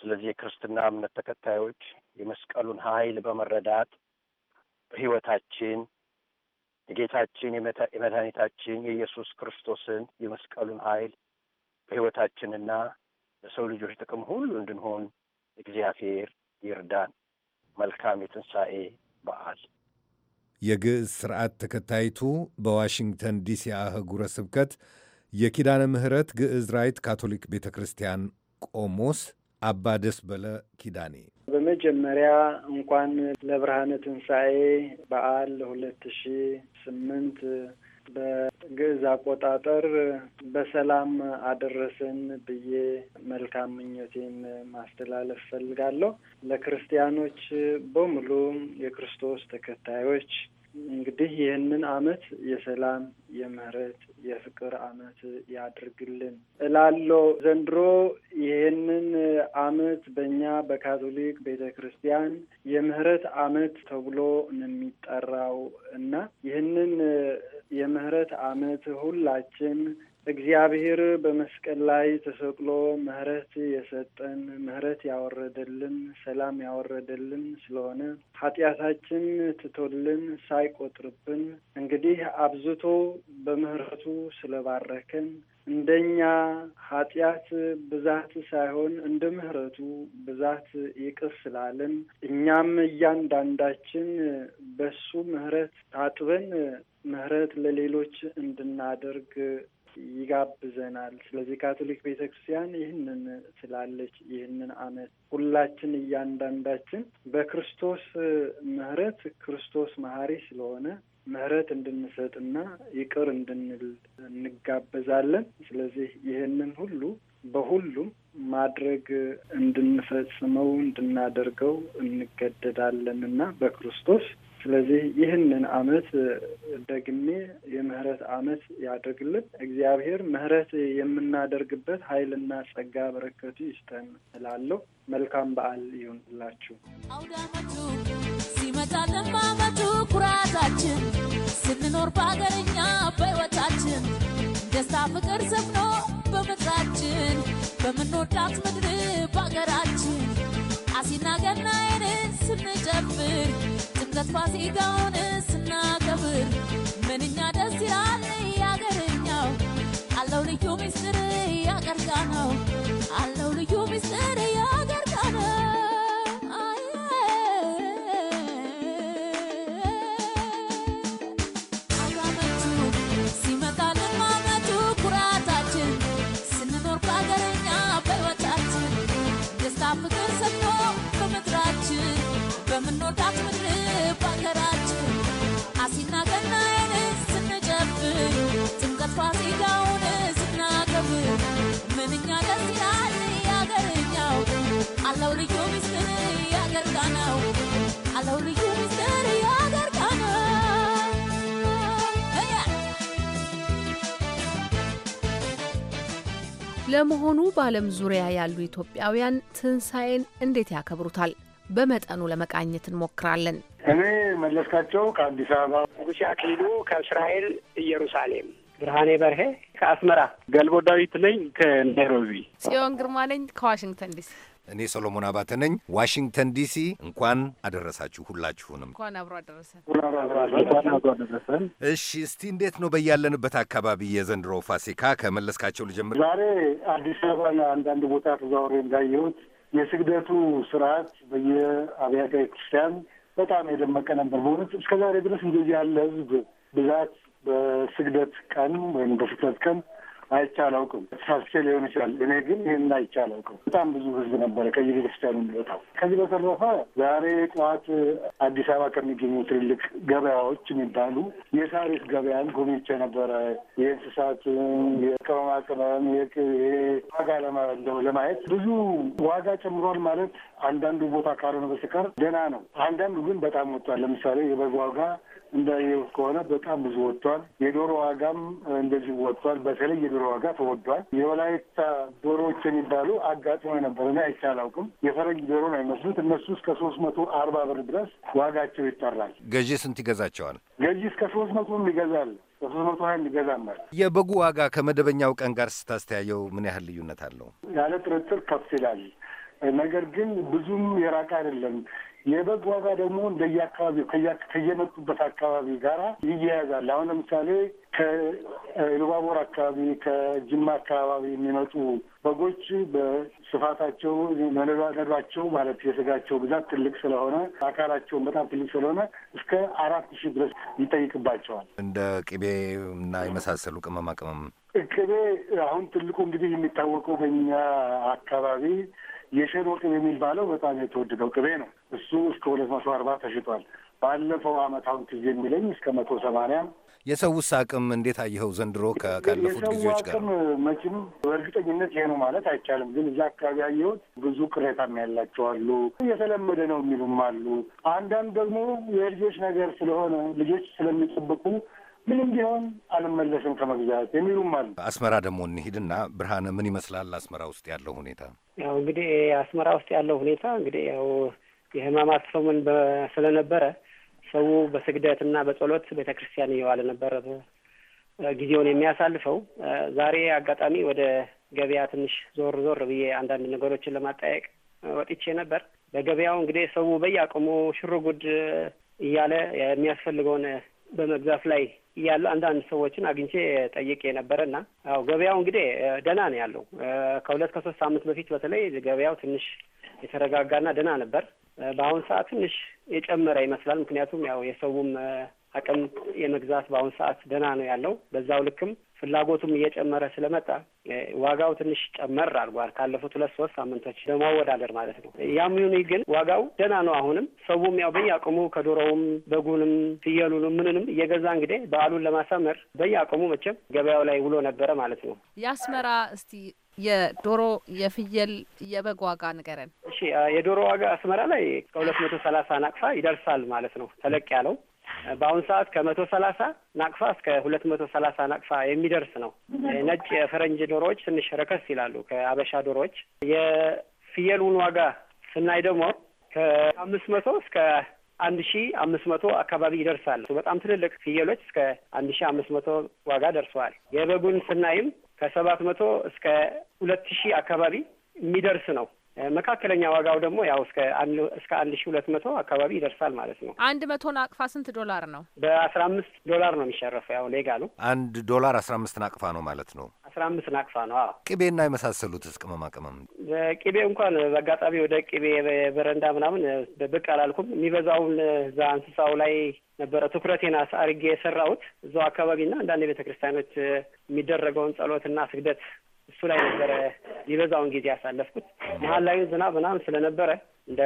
ስለዚህ የክርስትና እምነት ተከታዮች የመስቀሉን ኃይል በመረዳት ሕይወታችን የጌታችን የመድኃኒታችን የኢየሱስ ክርስቶስን የመስቀሉን ኃይል በሕይወታችንና ለሰው ልጆች ጥቅም ሁሉ እንድንሆን እግዚአብሔር ይርዳን። መልካም የትንሣኤ በዓል። የግዕዝ ሥርዓት ተከታይቱ በዋሽንግተን ዲሲ አህጉረ ስብከት የኪዳነ ምሕረት ግዕዝ ራይት ካቶሊክ ቤተ ክርስቲያን ቆሞስ አባ ደስ በለ ኪዳኔ በመጀመሪያ እንኳን ለብርሃነ ትንሣኤ በዓል ሁለት ሺ ስምንት በግዕዝ አቆጣጠር በሰላም አደረሰን ብዬ መልካም ምኞቴን ማስተላለፍ ፈልጋለሁ። ለክርስቲያኖች በሙሉ የክርስቶስ ተከታዮች እንግዲህ ይህንን አመት የሰላም፣ የምህረት፣ የፍቅር አመት ያድርግልን እላለሁ። ዘንድሮ ይህንን አመት በእኛ በካቶሊክ ቤተ ክርስቲያን የምህረት አመት ተብሎ ነው የሚጠራው እና ይህንን የምህረት አመት ሁላችን እግዚአብሔር በመስቀል ላይ ተሰቅሎ ምሕረት የሰጠን ምሕረት ያወረደልን ሰላም ያወረደልን ስለሆነ ኃጢአታችን ትቶልን ሳይቆጥርብን እንግዲህ አብዝቶ በምሕረቱ ስለባረከን እንደኛ ኃጢአት ብዛት ሳይሆን እንደ ምሕረቱ ብዛት ይቅር ስላለን እኛም እያንዳንዳችን በሱ ምሕረት ታጥበን ምሕረት ለሌሎች እንድናደርግ ይጋብዘናል። ስለዚህ ካቶሊክ ቤተ ክርስቲያን ይህንን ስላለች ይህንን አመት ሁላችን እያንዳንዳችን በክርስቶስ ምህረት ክርስቶስ መሀሪ ስለሆነ ምህረት እንድንሰጥና ይቅር እንድንል እንጋበዛለን። ስለዚህ ይህንን ሁሉ በሁሉም ማድረግ እንድንፈጽመው እንድናደርገው እንገደዳለንና በክርስቶስ ስለዚህ ይህንን አመት ደግሜ የምህረት አመት ያድርግልን። እግዚአብሔር ምህረት የምናደርግበት ኃይልና ጸጋ በረከቱ ይስጠን እላለሁ። መልካም በዓል ይሁንላችሁ። አውዳመቱ ሲመጣ ለማመቱ ኩራታችን ስንኖር በሀገርኛ በሕይወታችን ደስታ ፍቅር ሰፍኖ በምድራችን በምንወዳት ምድር በሀገራችን አሲናገናይን ስንጨፍር ጥምቀት ፋሲካውን ስናከብር ምንኛ ደስ ይላል ያገርኛው አለው ልዩ ሚስጥር ያቀርጋ ነው አለው ልዩ ሚስጥር ፋሲካውን ስናከብር ምንኛ ደስ ይላል ያገርኛው አለው ልዩ አለው ልዩ ለመሆኑ በዓለም ዙሪያ ያሉ ኢትዮጵያውያን ትንሣኤን እንዴት ያከብሩታል? በመጠኑ ለመቃኘት እንሞክራለን። እኔ መለስካቸው ከአዲስ አበባ፣ ንጉሴ አክሊሉ ከእስራኤል ኢየሩሳሌም ብርሃኔ በርሄ ከአስመራ፣ ገልቦ ዳዊት ነኝ ከናይሮቢ፣ ጽዮን ግርማ ነኝ ከዋሽንግተን ዲሲ። እኔ ሰሎሞን አባተ ነኝ ዋሽንግተን ዲሲ። እንኳን አደረሳችሁ ሁላችሁንም። እንኳን አብሮ አደረሰን። እሺ፣ እስቲ እንዴት ነው በያለንበት አካባቢ የዘንድሮ ፋሲካ? ከመለስካቸው ልጀምር። ዛሬ አዲስ አበባ አንዳንድ ቦታ ተዛውሬ እንዳየሁት የስግደቱ ስርዓት በየአብያተ ክርስቲያን በጣም የደመቀ ነበር። በእውነት እስከ ዛሬ ድረስ እንደዚህ ያለ ህዝብ ብዛት በስግደት ቀን ወይም በስግደት ቀን አይቼ አላውቅም። ተሳስቼ ሊሆን ይችላል። እኔ ግን ይህን አይቼ አላውቅም። በጣም ብዙ ህዝብ ነበረ ከየቤተ ክርስቲያኑ የሚወጣው። ከዚህ በተረፈ ዛሬ ጠዋት አዲስ አበባ ከሚገኙ ትልልቅ ገበያዎች የሚባሉ የሳሪስ ገበያን ጎብኝቼ ነበረ። የእንስሳትን፣ የቅመማ ቅመም ዋጋ ለማየት ብዙ ዋጋ ጨምሯል ማለት አንዳንዱ ቦታ ካልሆነ በስተቀር ደህና ነው። አንዳንዱ ግን በጣም ወጥቷል። ለምሳሌ የበግ ዋጋ እንዳየው ከሆነ በጣም ብዙ ወጥቷል። የዶሮ ዋጋም እንደዚህ ወጥቷል። በተለይ የዶሮ ዋጋ ተወዷል። የወላይታ ዶሮዎች የሚባሉ አጋጥሞ ነበር እና አይቼ አላውቅም። የፈረንጅ ዶሮ ነው የሚመስሉት። እነሱ እስከ ሶስት መቶ አርባ ብር ድረስ ዋጋቸው ይጠራል። ገዢ ስንት ይገዛቸዋል? ገዢ እስከ ሶስት መቶም ይገዛል በሶስት መቶ ሀያ ማለት የበጉ ዋጋ ከመደበኛው ቀን ጋር ስታስተያየው ምን ያህል ልዩነት አለው? ያለ ጥርጥር ከፍ ይላል። ነገር ግን ብዙም የራቀ አይደለም። የበግ ዋጋ ደግሞ እንደየአካባቢው ከየመጡበት አካባቢ ጋራ ይያያዛል። አሁን ለምሳሌ ከኢሉባቦር አካባቢ ከጅማ አካባቢ የሚመጡ በጎች በስፋታቸው ነዷቸው ማለት የስጋቸው ብዛት ትልቅ ስለሆነ አካላቸውን በጣም ትልቅ ስለሆነ እስከ አራት ሺህ ድረስ ይጠይቅባቸዋል። እንደ ቅቤ እና የመሳሰሉ ቅመማ ቅመም ቅቤ አሁን ትልቁ እንግዲህ የሚታወቀው በኛ አካባቢ የሸሮ ቅቤ የሚባለው በጣም የተወደደው ቅቤ ነው። እሱ እስከ ሁለት መቶ አርባ ተሽጧል። ባለፈው አመት አሁን ትዝ የሚለኝ እስከ መቶ ሰማንያ የሰውስ አቅም እንዴት አየኸው? ዘንድሮ ከካለፉት ጊዜዎች ጋር አቅም መቼም በእርግጠኝነት ይሄ ነው ማለት አይቻልም። ግን እዛ አካባቢ ያየሁት ብዙ ቅሬታም ያላቸው አሉ፣ የተለመደ ነው የሚሉም አሉ። አንዳንድ ደግሞ የልጆች ነገር ስለሆነ ልጆች ስለሚጠብቁ ምንም ቢሆን አልመለስም ከመግዛት የሚሉም አሉ። አስመራ ደግሞ እንሂድና ብርሃነ ምን ይመስላል አስመራ ውስጥ ያለው ሁኔታ? ያው እንግዲህ አስመራ ውስጥ ያለው ሁኔታ እንግዲህ ያው የህማማት ሰሙን ስለነበረ ሰው በስግደት በጸሎት ቤተ ክርስቲያን እየዋለ ነበረ ጊዜውን የሚያሳልፈው። ዛሬ አጋጣሚ ወደ ገበያ ትንሽ ዞር ዞር ብዬ አንዳንድ ነገሮችን ለማጠያየቅ ወጥቼ ነበር። በገበያው እንግዲህ ሰው በየአቅሙ ሽሩጉድ እያለ የሚያስፈልገውን በመግዛት ላይ ያሉ አንዳንድ ሰዎችን አግኝቼ ጠይቄ ነበረ እና ያው ገበያው እንግዲህ ደህና ነው ያለው። ከሁለት ከሶስት ሳምንት በፊት በተለይ ገበያው ትንሽ የተረጋጋና ደህና ነበር። በአሁን ሰዓት ትንሽ የጨመረ ይመስላል። ምክንያቱም ያው የሰውም አቅም የመግዛት በአሁን ሰዓት ደህና ነው ያለው። በዛው ልክም ፍላጎቱም እየጨመረ ስለመጣ ዋጋው ትንሽ ጨመር አድርጓል። ካለፉት ሁለት ሶስት ሳምንቶች ለማወዳደር ማለት ነው። ያም ይሁን ግን ዋጋው ደህና ነው። አሁንም ሰውም ያው በየአቅሙ ከዶሮውም፣ በጉንም፣ ፍየሉንም ምንንም እየገዛ እንግዲህ በዓሉን ለማሳመር በየአቅሙ መቼም ገበያው ላይ ውሎ ነበረ ማለት ነው። የአስመራ እስቲ የዶሮ የፍየል የበግ ዋጋ ንገረን። እሺ የዶሮ ዋጋ አስመራ ላይ ከሁለት መቶ ሰላሳ ናቅፋ ይደርሳል ማለት ነው ተለቅ ያለው በአሁኑ ሰዓት ከመቶ ሰላሳ ናቅፋ እስከ ሁለት መቶ ሰላሳ ናቅፋ የሚደርስ ነው። ነጭ የፈረንጅ ዶሮዎች ትንሽ ረከስ ይላሉ ከአበሻ ዶሮዎች። የፍየሉን ዋጋ ስናይ ደግሞ ከአምስት መቶ እስከ አንድ ሺ አምስት መቶ አካባቢ ይደርሳል። በጣም ትልልቅ ፍየሎች እስከ አንድ ሺ አምስት መቶ ዋጋ ደርሰዋል። የበጉን ስናይም ከሰባት መቶ እስከ ሁለት ሺ አካባቢ የሚደርስ ነው። መካከለኛ ዋጋው ደግሞ ያው እስከ አንድ እስከ አንድ ሺ ሁለት መቶ አካባቢ ይደርሳል ማለት ነው። አንድ መቶን አቅፋ ስንት ዶላር ነው? በአስራ አምስት ዶላር ነው የሚሸረፈው። ያው ሌጋሉ አንድ ዶላር አስራ አምስት ናቅፋ ነው ማለት ነው። አስራ አምስት ናቅፋ ነው። አዎ ቅቤና የመሳሰሉት ስ ቅመማ ቅመም ቅቤ እንኳን በአጋጣሚ ወደ ቅቤ በረንዳ ምናምን ብቅ አላልኩም። የሚበዛውን እዛ እንስሳው ላይ ነበረ ትኩረቴን አርጌ የሰራሁት እዛው አካባቢና አንዳንድ ቤተ ክርስቲያኖች የሚደረገውን ጸሎትና ስግደት እሱ ላይ ነበረ ሊበዛውን ጊዜ ያሳለፍኩት። መሀል ላይ ዝናብ ምናምን ስለነበረ እንደ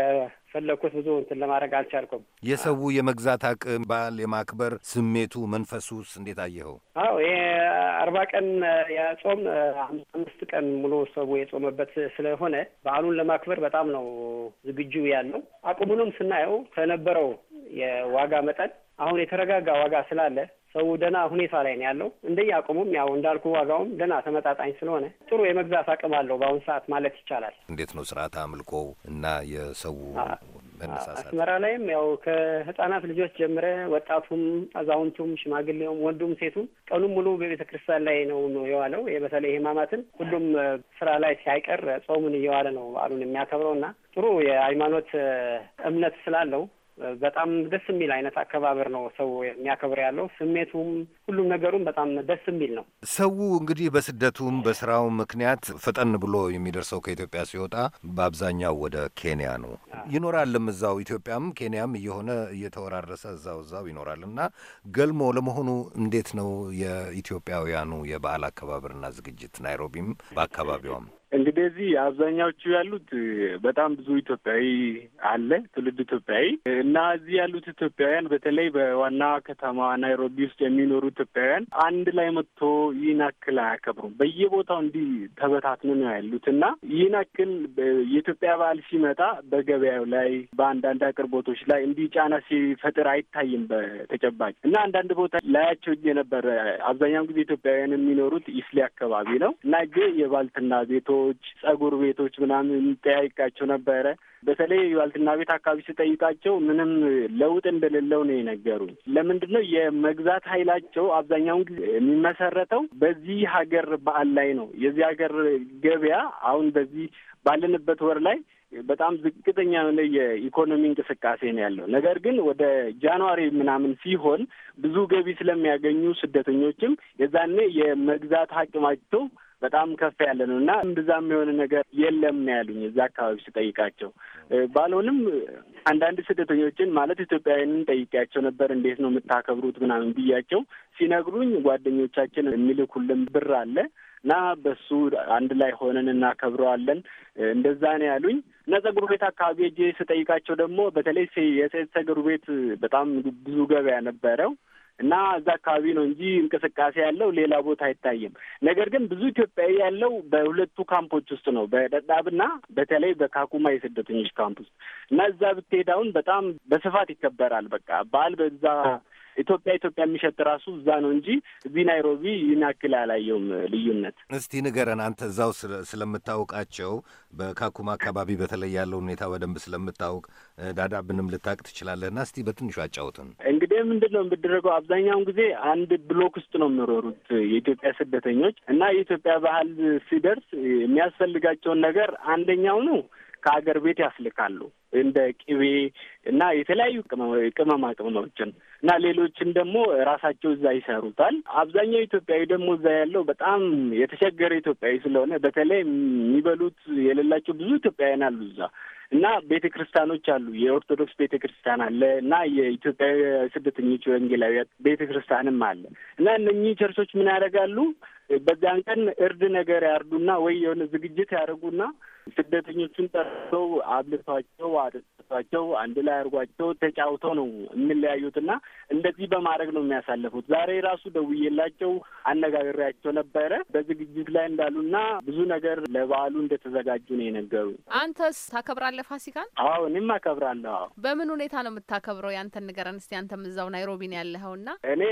ፈለግኩት ብዙ እንትን ለማድረግ አልቻልኩም። የሰው የመግዛት አቅም፣ በዓል የማክበር ስሜቱ፣ መንፈሱስ እንዴት አየኸው? አዎ ይሄ አርባ ቀን የጾም አምስት ቀን ሙሉ ሰው የጾመበት ስለሆነ በዓሉን ለማክበር በጣም ነው ዝግጁ ያለው። አቅሙንም ስናየው ከነበረው የዋጋ መጠን አሁን የተረጋጋ ዋጋ ስላለ ሰው ደህና ሁኔታ ላይ ነው ያለው። እንደየ አቅሙም ያው እንዳልኩ ዋጋውም ደህና ተመጣጣኝ ስለሆነ ጥሩ የመግዛት አቅም አለው በአሁኑ ሰዓት ማለት ይቻላል። እንዴት ነው ስርዓት አምልኮ እና የሰው መነሳሳት? አስመራ ላይም ያው ከህጻናት ልጆች ጀምረ ወጣቱም፣ አዛውንቱም፣ ሽማግሌውም፣ ወንዱም ሴቱም ቀኑም ሙሉ በቤተ ክርስቲያን ላይ ነው የዋለው። በተለይ ህማማትን ሁሉም ስራ ላይ ሳይቀር ጾሙን እየዋለ ነው በዓሉን የሚያከብረው እና ጥሩ የሃይማኖት እምነት ስላለው በጣም ደስ የሚል አይነት አከባበር ነው ሰው የሚያከብር ያለው። ስሜቱም ሁሉም ነገሩም በጣም ደስ የሚል ነው። ሰው እንግዲህ በስደቱም በስራው ምክንያት ፈጠን ብሎ የሚደርሰው ከኢትዮጵያ ሲወጣ በአብዛኛው ወደ ኬንያ ነው ይኖራልም። እዛው ኢትዮጵያም ኬንያም እየሆነ እየተወራረሰ እዛው እዛው ይኖራል እና ገልሞ፣ ለመሆኑ እንዴት ነው የኢትዮጵያውያኑ የበዓል አከባበርና ዝግጅት ናይሮቢም በአካባቢዋም? እንግዲህ እዚህ አብዛኛዎቹ ያሉት በጣም ብዙ ኢትዮጵያዊ አለ ትውልድ ኢትዮጵያዊ እና እዚህ ያሉት ኢትዮጵያውያን በተለይ በዋና ከተማ ናይሮቢ ውስጥ የሚኖሩ ኢትዮጵያውያን አንድ ላይ መጥቶ ይህን አክል አያከብሩም። በየቦታው እንዲህ ተበታትኖ ነው ያሉት እና ይህን አክል የኢትዮጵያ በዓል ሲመጣ በገበያው ላይ በአንዳንድ አቅርቦቶች ላይ እንዲህ ጫና ሲፈጥር አይታይም በተጨባጭ እና አንዳንድ ቦታ ላያቸው እየነበረ አብዛኛውን ጊዜ ኢትዮጵያውያን የሚኖሩት ኢስሌ አካባቢ ነው እና እጄ የባልትና ቤቶ ሱቆች፣ ጸጉር ቤቶች ምናምን ጠያይቃቸው ነበረ። በተለይ ዋልትና ቤት አካባቢ ስጠይቃቸው ምንም ለውጥ እንደሌለው ነው የነገሩኝ። ለምንድን ነው የመግዛት ኃይላቸው አብዛኛውን ጊዜ የሚመሰረተው በዚህ ሀገር በዓል ላይ ነው። የዚህ ሀገር ገበያ አሁን በዚህ ባለንበት ወር ላይ በጣም ዝቅተኛ የሆነ የኢኮኖሚ እንቅስቃሴ ነው ያለው። ነገር ግን ወደ ጃንዋሪ ምናምን ሲሆን ብዙ ገቢ ስለሚያገኙ ስደተኞችም የዛኔ የመግዛት አቅማቸው በጣም ከፍ ያለ ነው እና እምብዛም የሆነ ነገር የለም ነው ያሉኝ። እዛ አካባቢ ስጠይቃቸው ባልሆንም አንዳንድ ስደተኞችን ማለት ኢትዮጵያውያንን ጠይቄያቸው ነበር። እንዴት ነው የምታከብሩት ምናምን ብያቸው ሲነግሩኝ ጓደኞቻችን የሚልኩልን ብር አለ እና በሱ አንድ ላይ ሆነን እናከብረዋለን እንደዛ ነው ያሉኝ። እና ጸጉር ቤት አካባቢ ሄጄ ስጠይቃቸው ደግሞ በተለይ የጸጉር ቤት በጣም ብዙ ገበያ ነበረው እና እዛ አካባቢ ነው እንጂ እንቅስቃሴ ያለው ሌላ ቦታ አይታይም። ነገር ግን ብዙ ኢትዮጵያዊ ያለው በሁለቱ ካምፖች ውስጥ ነው፣ በደዳብና በተለይ በካኩማ የስደተኞች ካምፕ ውስጥ እና እዛ ብትሄድ አሁን በጣም በስፋት ይከበራል። በቃ በዓል በዛ ኢትዮጵያ ኢትዮጵያ የሚሸጥ ራሱ እዛ ነው እንጂ እዚህ ናይሮቢ ይህን ያክል አላየውም ልዩነት። እስቲ ንገረን አንተ እዛው ስለምታውቃቸው በካኩማ አካባቢ በተለይ ያለው ሁኔታ በደንብ ስለምታውቅ ዳዳብንም ልታውቅ ትችላለህና እስቲ በትንሹ አጫውትን። ወደ ምንድን ነው የምትደረገው? አብዛኛውን ጊዜ አንድ ብሎክ ውስጥ ነው የሚኖሩት የኢትዮጵያ ስደተኞች እና የኢትዮጵያ ባህል ሲደርስ የሚያስፈልጋቸውን ነገር አንደኛው ነው ከሀገር ቤት ያስልካሉ እንደ ቅቤ እና የተለያዩ ቅመማ ቅመሞችን እና ሌሎችን ደግሞ ራሳቸው እዛ ይሰሩታል። አብዛኛው ኢትዮጵያዊ ደግሞ እዛ ያለው በጣም የተቸገረ ኢትዮጵያዊ ስለሆነ በተለይ የሚበሉት የሌላቸው ብዙ ኢትዮጵያውያን አሉ እዛ እና ቤተ ክርስቲያኖች አሉ። የኦርቶዶክስ ቤተ ክርስቲያን አለ እና የኢትዮጵያ ስደተኞች ወንጌላዊ ቤተ ክርስቲያንም አለ እና እነኚህ ቸርቾች ምን ያደርጋሉ? በዚያን ቀን እርድ ነገር ያርዱና ወይ የሆነ ዝግጅት ያደርጉና ስደተኞቹን ጠርተው አብልቷቸው አጠጥቷቸው አንድ ላይ አድርጓቸው ተጫውተው ነው የሚለያዩትና እንደዚህ በማድረግ ነው የሚያሳልፉት። ዛሬ ራሱ ደውዬላቸው አነጋግሬያቸው ነበረ። በዝግጅት ላይ እንዳሉና ብዙ ነገር ለበዓሉ እንደተዘጋጁ ነው የነገሩ። አንተስ ታከብራለህ ፋሲካን? አዎ እኔም አከብራለሁ። በምን ሁኔታ ነው የምታከብረው? ያንተን ንገረን እስቲ። አንተም እዛው ናይሮቢን ያለኸውና እኔ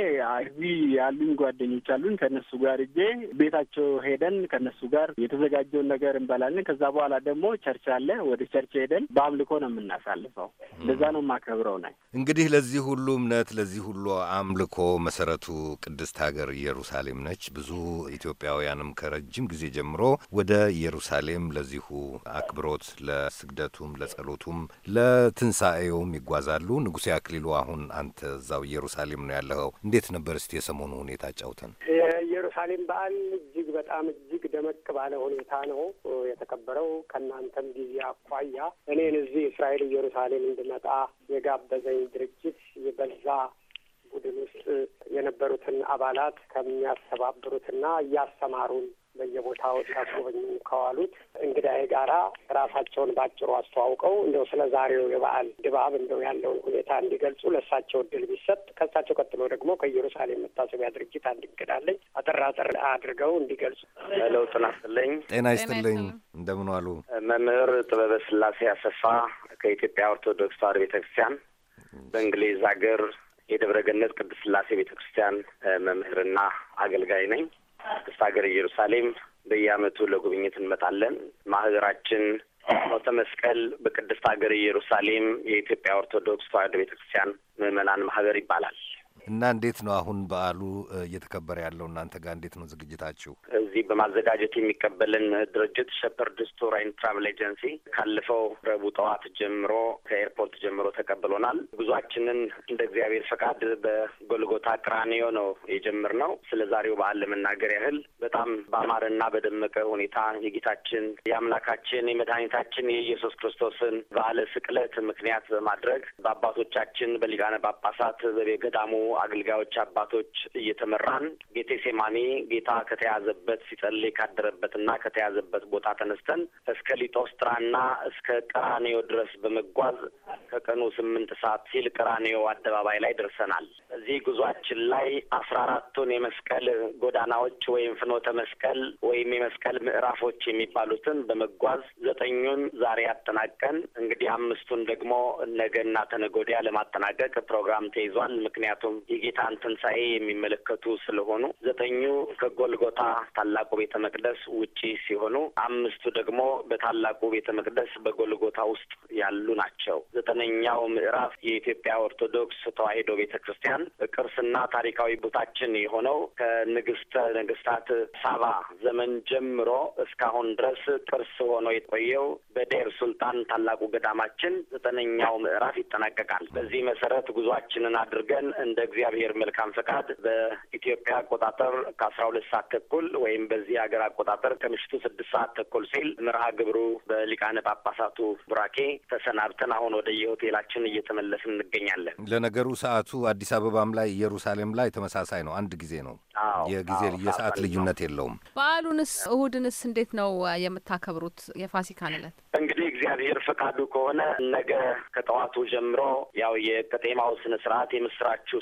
እዚህ ያሉኝ ጓደኞች አሉኝ ከእነሱ ጋር እጄ ቤታቸው ሄደን ከነሱ ጋር የተዘጋጀውን ነገር እንበላለን። ከዛ በኋላ ደግሞ ቸርች አለ። ወደ ቸርች ሄደን በአምልኮ ነው የምናሳልፈው። እንደዛ ነው የማከብረው ነ እንግዲህ ለዚህ ሁሉ እምነት ለዚህ ሁሉ አምልኮ መሰረቱ ቅድስት ሀገር ኢየሩሳሌም ነች። ብዙ ኢትዮጵያውያንም ከረጅም ጊዜ ጀምሮ ወደ ኢየሩሳሌም ለዚሁ አክብሮት ለስግደቱም፣ ለጸሎቱም፣ ለትንሣኤውም ይጓዛሉ። ንጉሴ አክሊሉ አሁን አንተ እዛው ኢየሩሳሌም ነው ያለኸው። እንዴት ነበር እስቲ የሰሞኑ ሁኔታ ጫውተን? የኢየሩሳሌም በዓል እጅግ በጣም እጅግ ደመቅ ባለ ሁኔታ ነው የተከበረው። ከእናንተም ጊዜ አኳያ እኔን እዚህ እስራኤል ኢየሩሳሌም እንድመጣ የጋበዘኝ ድርጅት የበዛ ቡድን ውስጥ የነበሩትን አባላት ከሚያስተባብሩትና እያሰማሩን በየቦታው ሲያስጎበኙ ከዋሉት እንግዳዬ ጋራ ራሳቸውን ባጭሩ አስተዋውቀው እንደው ስለ ዛሬው የበዓል ድባብ እንደው ያለውን ሁኔታ እንዲገልጹ ለእሳቸው እድል ቢሰጥ፣ ከእሳቸው ቀጥሎ ደግሞ ከኢየሩሳሌም መታሰቢያ ድርጅት አንድ እንግዳ አለኝ። አጠር አጠር አድርገው እንዲገልጹ። ለው ጤና ጤና ይስጥልኝ። እንደምን ዋሉ? መምህር ጥበበ ስላሴ አሰፋ ከኢትዮጵያ ኦርቶዶክስ ተዋሕዶ ቤተክርስቲያን በእንግሊዝ ሀገር የደብረ ገነት ቅዱስ ስላሴ ቤተክርስቲያን መምህርና አገልጋይ ነኝ። ቅድስት ሀገር ኢየሩሳሌም በየአመቱ ለጉብኝት እንመጣለን። ማህበራችን ሞተ መስቀል በቅድስት ሀገር ኢየሩሳሌም የኢትዮጵያ ኦርቶዶክስ ተዋህዶ ቤተክርስቲያን ምዕመናን ማህበር ይባላል። እና እንዴት ነው አሁን በዓሉ እየተከበረ ያለው? እናንተ ጋር እንዴት ነው ዝግጅታችሁ? እዚህ በማዘጋጀት የሚቀበልን ድርጅት ሸፐርድ ስቶር ኤንድ ትራቭል ኤጀንሲ ካለፈው ረቡዕ ጠዋት ጀምሮ ከኤርፖርት ጀምሮ ተቀብሎናል። ጉዟችንን እንደ እግዚአብሔር ፈቃድ በጎልጎታ ቅራኔዮ ነው የጀመርነው። ስለ ዛሬው በዓል ለመናገር ያህል በጣም በአማረና በደመቀ ሁኔታ የጌታችን የአምላካችን የመድኃኒታችን የኢየሱስ ክርስቶስን በዓለ ስቅለት ምክንያት በማድረግ በአባቶቻችን በሊቃነ ጳጳሳት በገዳሙ አገልጋዮች አባቶች እየተመራን ጌቴ ጌታ ከተያዘበት ሲጸልይ ካደረበትና ከተያዘበት ቦታ ተነስተን እስከ ሊጦስትራና እስከ ቀራኔዮ ድረስ በመጓዝ ከቀኑ ስምንት ሰዓት ሲል ቀራኔዮ አደባባይ ላይ ደርሰናል። እዚህ ጉዟችን ላይ አስራ አራቱን የመስቀል ጎዳናዎች ወይም ፍኖተ መስቀል ወይም የመስቀል ምዕራፎች የሚባሉትን በመጓዝ ዘጠኙን ዛሬ አጠናቀን እንግዲህ አምስቱን ደግሞ ነገና ተነጎዲያ ለማጠናቀቅ ፕሮግራም ተይዟል። ምክንያቱም የጌታን ትንሣኤ የሚመለከቱ ስለሆኑ ዘጠኙ ከጎልጎታ ታላቁ ቤተ መቅደስ ውጪ ሲሆኑ አምስቱ ደግሞ በታላቁ ቤተ መቅደስ በጎልጎታ ውስጥ ያሉ ናቸው። ዘጠነኛው ምዕራፍ የኢትዮጵያ ኦርቶዶክስ ተዋሕዶ ቤተ ክርስቲያን ቅርስና ታሪካዊ ቦታችን የሆነው ከንግስተ ነገስታት ሳባ ዘመን ጀምሮ እስካሁን ድረስ ቅርስ ሆኖ የቆየው በዴር ሱልጣን ታላቁ ገዳማችን ዘጠነኛው ምዕራፍ ይጠናቀቃል። በዚህ መሰረት ጉዟችንን አድርገን እንደ እግዚአብሔር መልካም ፈቃድ በኢትዮጵያ አቆጣጠር ከአስራ ሁለት ሰዓት ተኩል ወይም በዚህ ሀገር አቆጣጠር ከምሽቱ ስድስት ሰዓት ተኩል ሲል መርሃ ግብሩ በሊቃነ ጳጳሳቱ ቡራኬ ተሰናብተን አሁን ወደ የሆቴላችን እየተመለስን እንገኛለን። ለነገሩ ሰዓቱ አዲስ አበባም ላይ ኢየሩሳሌም ላይ ተመሳሳይ ነው። አንድ ጊዜ ነው። የጊዜ የሰዓት ልዩነት የለውም። በዓሉንስ እሁድንስ እንዴት ነው የምታከብሩት? የፋሲካን ዕለት እንግዲህ እግዚአብሔር ፈቃዱ ከሆነ ነገ ከጠዋቱ ጀምሮ ያው የቀጤማው ስነ ስርዓት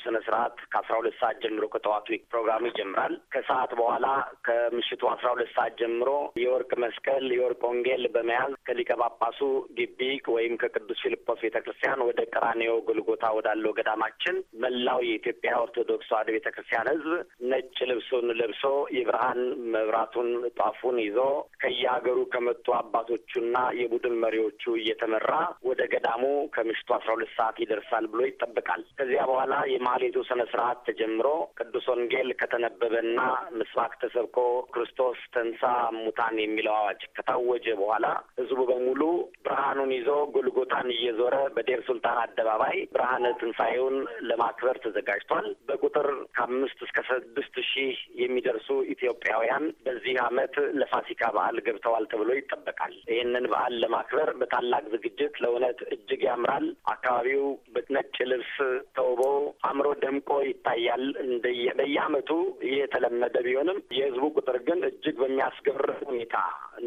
ስነ ስነ ስርዓት ከአስራ ሁለት ሰዓት ጀምሮ ከጠዋቱ ፕሮግራሙ ይጀምራል። ከሰዓት በኋላ ከምሽቱ አስራ ሁለት ሰዓት ጀምሮ የወርቅ መስቀል የወርቅ ወንጌል በመያዝ ከሊቀ ጳጳሱ ግቢ ወይም ከቅዱስ ፊልጶስ ቤተ ክርስቲያን ወደ ቅራኔዮ ጎልጎታ ወዳለው ገዳማችን መላው የኢትዮጵያ ኦርቶዶክስ ተዋሕዶ ቤተ ክርስቲያን ህዝብ ነጭ ልብሱን ለብሶ የብርሃን መብራቱን ጧፉን ይዞ ከየሀገሩ ከመጡ አባቶቹና የቡድን መሪዎቹ እየተመራ ወደ ገዳሙ ከምሽቱ አስራ ሁለት ሰዓት ይደርሳል ብሎ ይጠበቃል። ከዚያ በኋላ የማሌ የትምክህቱ ስነ ስርዓት ተጀምሮ ቅዱስ ወንጌል ከተነበበና ምስባክ ተሰብኮ ክርስቶስ ተንሳ ሙታን የሚለው አዋጅ ከታወጀ በኋላ ህዝቡ በሙሉ ብርሃኑን ይዞ ጎልጎታን እየዞረ በዴር ሱልጣን አደባባይ ብርሃነ ትንሣኤውን ለማክበር ተዘጋጅቷል። በቁጥር ከአምስት እስከ ስድስት ሺህ የሚደርሱ ኢትዮጵያውያን በዚህ አመት ለፋሲካ በዓል ገብተዋል ተብሎ ይጠበቃል። ይህንን በዓል ለማክበር በታላቅ ዝግጅት ለእውነት እጅግ ያምራል። አካባቢው በነጭ ልብስ ተውቦ አምሮ ደምቆ ይታያል። እንደ የተለመደ ቢሆንም የህዝቡ ቁጥር ግን እጅግ በሚያስገርም ሁኔታ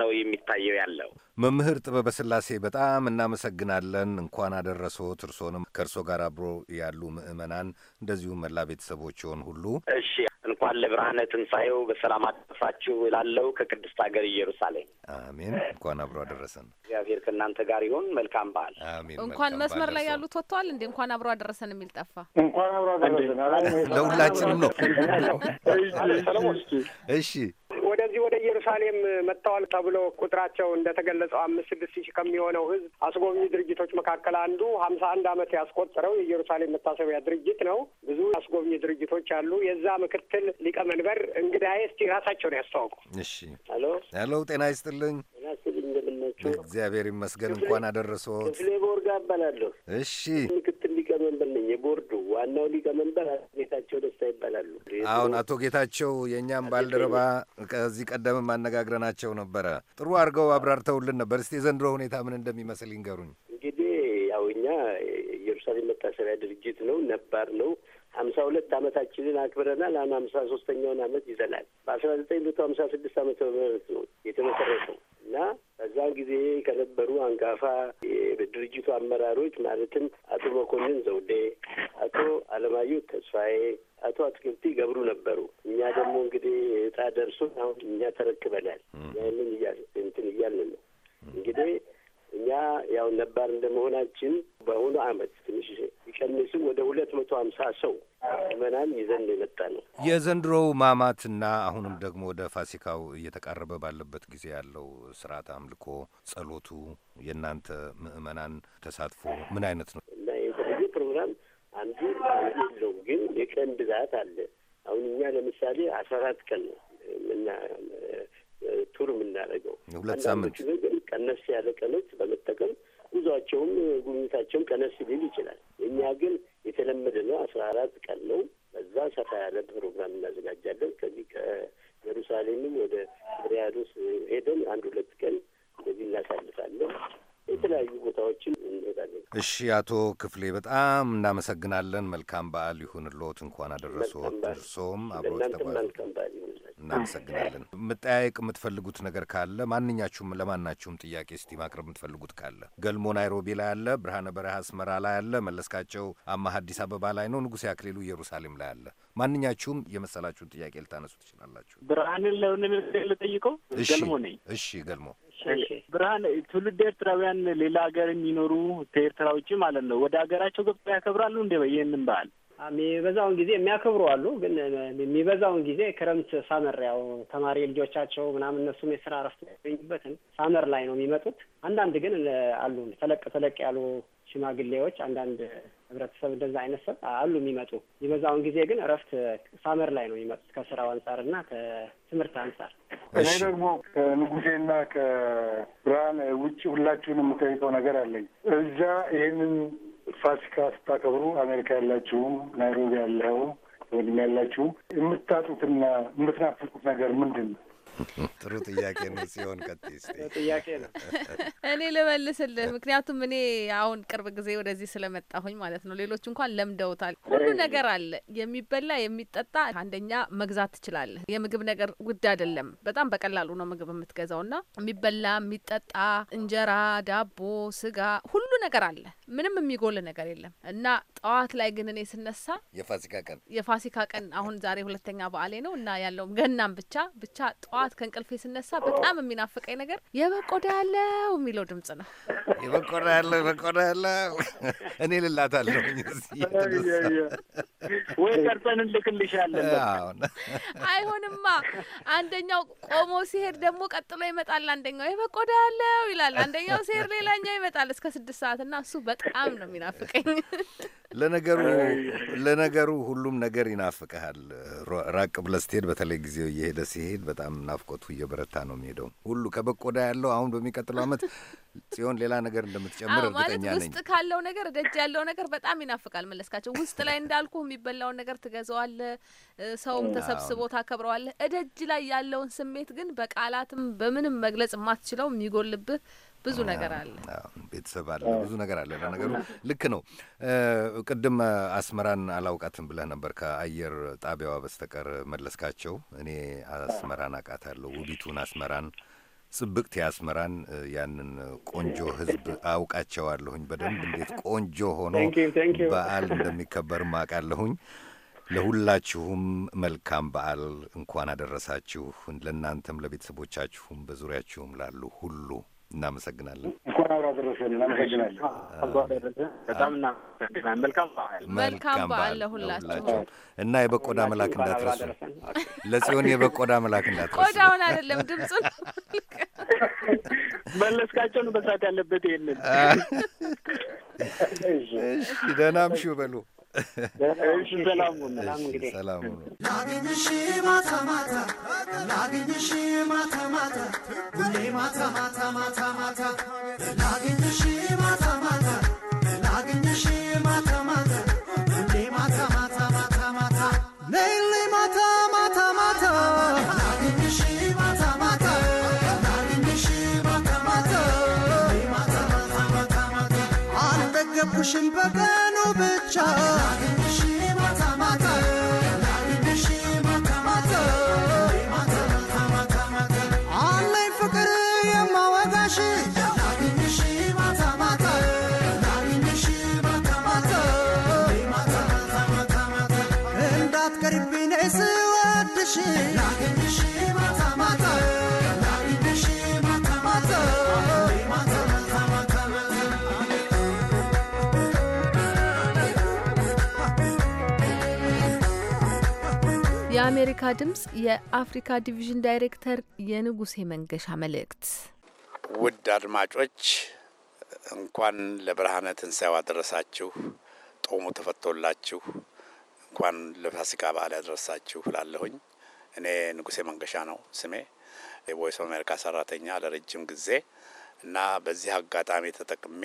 ነው የሚታየው ያለው። መምህር ጥበበ ስላሴ በጣም እናመሰግናለን። እንኳን አደረሶት። እርሶንም ከእርሶ ጋር አብሮ ያሉ ምዕመናን እንደዚሁም መላ ቤተሰቦች ሆን ሁሉ እሺ እንኳን ለብርሃነ ትንሣኤው በሰላም አደረሳችሁ እላለሁ ከቅድስት ሀገር ኢየሩሳሌም። አሜን። እንኳን አብሮ አደረሰን። እግዚአብሔር ከእናንተ ጋር ይሁን። መልካም በዓል። እንኳን መስመር ላይ ያሉት ወጥተዋል እንዴ? እንኳን አብሮ አደረሰን የሚል ጠፋ። እንኳን አብሮ አደረሰን ለሁላችንም ነው። እሺ ወደዚህ ወደ ኢየሩሳሌም መጥተዋል ተብሎ ቁጥራቸው እንደተገለጸው አምስት ስድስት ሺህ ከሚሆነው ህዝብ አስጎብኚ ድርጅቶች መካከል አንዱ ሀምሳ አንድ አመት ያስቆጠረው የኢየሩሳሌም መታሰቢያ ድርጅት ነው። ብዙ አስጎብኚ ድርጅቶች አሉ። የዛ ምክትል ሊቀመንበር እንግዳዬ እስቲ ራሳቸውን ያስተዋውቁ። እሺ። ሄሎ ጤና ይስጥልኝ። ናቸው። እግዚአብሔር ይመስገን። እንኳን አደረሰዎት። ክፍሌ ቦርጋ እባላለሁ። እሺ፣ ምክትል ሊቀመንበር ነኝ። የቦርዱ ዋናው ሊቀመንበር አቶ ጌታቸው ደስታ ይባላሉ። አሁን አቶ ጌታቸው የእኛም ባልደረባ ከዚህ ቀደም አነጋግረናቸው ነበረ። ጥሩ አድርገው አብራርተውልን ነበር። እስቲ የዘንድሮ ሁኔታ ምን እንደሚመስል ይንገሩኝ። እንግዲህ ያው እኛ ኢየሩሳሌም መታሰቢያ ድርጅት ነው፣ ነባር ነው ሀምሳ ሁለት አመታችንን አክብረናል። አሁን ሀምሳ ሶስተኛውን አመት ይዘናል። በአስራ ዘጠኝ መቶ ሀምሳ ስድስት አመተ ምህረት ነው የተመሰረተው እና በዛን ጊዜ ከነበሩ አንጋፋ የድርጅቱ አመራሮች ማለትም አቶ መኮንን ዘውዴ፣ አቶ አለማየሁ ተስፋዬ፣ አቶ አትክልቲ ገብሩ ነበሩ። እኛ ደግሞ እንግዲህ እጣ ደርሶ አሁን እኛ ተረክበናል። ያንን እያልን እንትን እያልን ነው እንግዲህ እኛ ያው ነባር እንደመሆናችን በአሁኑ አመት ትንሽ ቢቀንስም ወደ ሁለት መቶ ሀምሳ ሰው ምእመናን ይዘን የመጣ ነው። የዘንድሮው ማማትና አሁንም ደግሞ ወደ ፋሲካው እየተቃረበ ባለበት ጊዜ ያለው ስርዓት አምልኮ፣ ጸሎቱ፣ የእናንተ ምእመናን ተሳትፎ ምን አይነት ነው? እና የተለየ ፕሮግራም አንዱ የለውም፣ ግን የቀን ብዛት አለ። አሁን እኛ ለምሳሌ አስራ አራት ቀን ነው ቱር የምናደርገው። ሁለት ሳምንት ግን ቀነስ ያለ ቀኖች በመጠቀም ጉዟቸውም ጉብኝታቸውም ቀነስ ሊል ይችላል። እኛ ግን የተለመደ ነው። አስራ አራት ቀን ነው። በዛ ሰፋ ያለ ፕሮግራም እናዘጋጃለን። ከዚህ ከኢየሩሳሌምም ወደ ሪያዶስ ሄደን አንድ ሁለት ቀን እንደዚህ እናሳልፋለን። የተለያዩ ቦታዎችን እንሄዳለን። እሺ፣ አቶ ክፍሌ በጣም እናመሰግናለን። መልካም በዓል ሎት እንኳን አደረሶት። እርሶም አብሮ መልካም እናመሰግናለን። መጠያየቅ የምትፈልጉት ነገር ካለ ማንኛችሁም ለማናችሁም ጥያቄ እስቲ ማቅረብ የምትፈልጉት ካለ ገልሞ ናይሮቢ ላይ አለ፣ ብርሃነ በረሃ አስመራ ላይ አለ፣ መለስካቸው አማህ አዲስ አበባ ላይ ነው፣ ንጉሴ አክሊሉ ኢየሩሳሌም ላይ አለ። ማንኛችሁም የመሰላችሁን ጥያቄ ልታነሱ ትችላላችሁ። ብርሃንን ለሆነ ልጠይቀው ገልሞ ነኝ። እሺ ገልሞ ብርሃን ትውልድ ኤርትራውያን ሌላ ሀገር የሚኖሩ ከኤርትራ ውጭ ማለት ነው ወደ ሀገራቸው ገብቶ ያከብራሉ እንዴ? ይህንን በዓል የሚበዛውን ጊዜ የሚያከብሩ አሉ። ግን የሚበዛውን ጊዜ ክረምት ሳመር ያው ተማሪ ልጆቻቸው ምናምን እነሱም የስራ እረፍት ያገኙበትን ሳመር ላይ ነው የሚመጡት። አንዳንድ ግን አሉ ተለቅ ተለቅ ያሉ ሽማግሌዎች አንዳንድ ህብረተሰብ እንደዛ አይነት ሰብ አሉ የሚመጡ የበዛውን ጊዜ ግን እረፍት ሳመር ላይ ነው የሚመጡት ከስራው አንጻር እና ከትምህርት አንጻር። እኔ ደግሞ ከንጉሴና ከብርሃን ውጭ ሁላችሁን የምጠይቀው ነገር አለኝ። እዛ ይህንን ፋሲካ ስታከብሩ አሜሪካ ያላችሁም ናይሮቢ ያለው ወንድም ያላችሁ የምታጡትና የምትናፍቁት ነገር ምንድን ነው? ጥሩ ጥያቄ ነው ሲሆን ቀጥስ ጥያቄ ነው እኔ ልመልስልህ። ምክንያቱም እኔ አሁን ቅርብ ጊዜ ወደዚህ ስለመጣሁኝ ማለት ነው። ሌሎች እንኳን ለምደውታል። ሁሉ ነገር አለ፣ የሚበላ የሚጠጣ። አንደኛ መግዛት ትችላለህ። የምግብ ነገር ውድ አይደለም። በጣም በቀላሉ ነው ምግብ የምትገዛው ና የሚበላ የሚጠጣ እንጀራ፣ ዳቦ፣ ስጋ ሁሉ ነገር አለ። ምንም የሚጎል ነገር የለም እና ጠዋት ላይ ግን እኔ ስነሳ የፋሲካ ቀን የፋሲካ ቀን አሁን ዛሬ ሁለተኛ በዓሌ ነው እና ያለውም ገናም ብቻ ብቻ ጠዋት ከእንቅልፌ ስነሳ በጣም የሚናፍቀኝ ነገር የበቆዳ ያለው የሚለው ድምጽ ነው። የበቆዳ ያለው የበቆዳ ያለው እኔ ልላታለሁ ወይ ቀርጸን እንልክልሻለን። አይሆንማ። አንደኛው ቆሞ ሲሄድ ደግሞ ቀጥሎ ይመጣል። አንደኛው ይህ በቆዳ ያለው ይላል። አንደኛው ሲሄድ ሌላኛው ይመጣል እስከ ስድስት ሰዓት እና እሱ በጣም ነው የሚናፍቀኝ። ለነገሩ ለነገሩ ሁሉም ነገር ይናፍቀሃል። ራቅ ብለህ ስትሄድ፣ በተለይ ጊዜው እየሄደ ሲሄድ በጣም ናፍቆቱ እየበረታ ነው የሚሄደው። ሁሉ ከበቆዳ ያለው አሁን በሚቀጥለው አመት ጽዮን ሌላ ነገር እንደምትጨምር እርግጠኛ ነኝ። ውስጥ ካለው ነገር ደጅ ያለው ነገር በጣም ይናፍቃል መለስካቸው ውስጥ ላይ እንዳልኩ የሚበላውን ነገር ትገዛዋለህ፣ ሰውም ተሰብስቦ ታከብረዋለ። እደጅ ላይ ያለውን ስሜት ግን በቃላትም በምንም መግለጽ የማትችለው የሚጎልብህ ብዙ ነገር አለ። ቤተሰብ አለ፣ ብዙ ነገር አለ። ለነገሩ ልክ ነው። ቅድም አስመራን አላውቃትም ብለህ ነበር ከአየር ጣቢያዋ በስተቀር መለስካቸው። እኔ አስመራን አውቃታለሁ፣ ውቢቱን አስመራን ጽብቅት አስመራን ያንን ቆንጆ ህዝብ አውቃቸዋለሁኝ በደንብ እንዴት ቆንጆ ሆኖ በዓል እንደሚከበር ማቃለሁኝ። ለሁላችሁም መልካም በዓል እንኳን አደረሳችሁ። ለእናንተም ለቤተሰቦቻችሁም በዙሪያችሁም ላሉ ሁሉ እናመሰግናለን። እንኳን እናመሰግናለን። በጣም እናመሰግናለን። መልካም በዓል መልካም ለሁላችሁ እና የበቆዳ መላክ እንዳትረሱ። ለጽዮን የበቆዳ መላክ እንዳትረሱ። ቆዳውን አይደለም ድምፁን መለስካቸውን በሳት ያለበት ይህንን። እሺ ደህና በሉ። Öğüsü selam bunlar. Öğüsü selam shot. የአሜሪካ ድምፅ የአፍሪካ ዲቪዥን ዳይሬክተር የንጉሴ መንገሻ መልእክት። ውድ አድማጮች እንኳን ለብርሃነ ትንሣኤው አደረሳችሁ። ጦሙ ተፈቶላችሁ እንኳን ለፋሲካ በዓል ያደረሳችሁ ላለሁኝ። እኔ ንጉሴ መንገሻ ነው ስሜ፣ የቮይስ ኦፍ አሜሪካ ሰራተኛ ለረጅም ጊዜ እና በዚህ አጋጣሚ ተጠቅሜ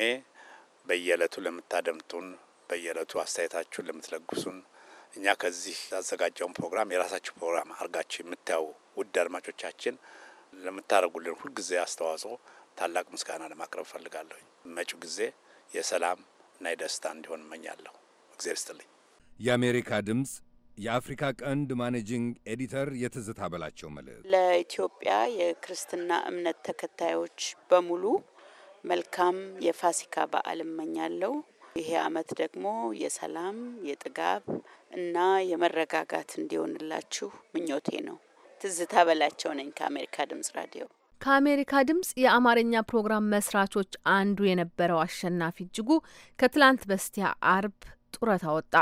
በየዕለቱ ለምታደምጡን፣ በየዕለቱ አስተያየታችሁን ለምትለግሱን እኛ ከዚህ ያዘጋጀውን ፕሮግራም የራሳችሁ ፕሮግራም አድርጋችሁ የምታዩ ውድ አድማጮቻችን ለምታደርጉልን ሁልጊዜ አስተዋጽኦ ታላቅ ምስጋና ለማቅረብ እፈልጋለሁ። መጪው ጊዜ የሰላም እና የደስታ እንዲሆን እመኛለሁ። እግዚአብሔር ይስጥልኝ። የአሜሪካ ድምፅ የአፍሪካ ቀንድ ማኔጂንግ ኤዲተር የትዝታ በላቸው መልእክት ለኢትዮጵያ የክርስትና እምነት ተከታዮች በሙሉ መልካም የፋሲካ በዓል እመኛለሁ። ይሄ አመት ደግሞ የሰላም የጥጋብ እና የመረጋጋት እንዲሆንላችሁ ምኞቴ ነው። ትዝታ በላቸው ነኝ ከአሜሪካ ድምጽ ራዲዮ። ከአሜሪካ ድምጽ የአማርኛ ፕሮግራም መስራቾች አንዱ የነበረው አሸናፊ እጅጉ ከትላንት በስቲያ አርብ ጡረታ ወጣ።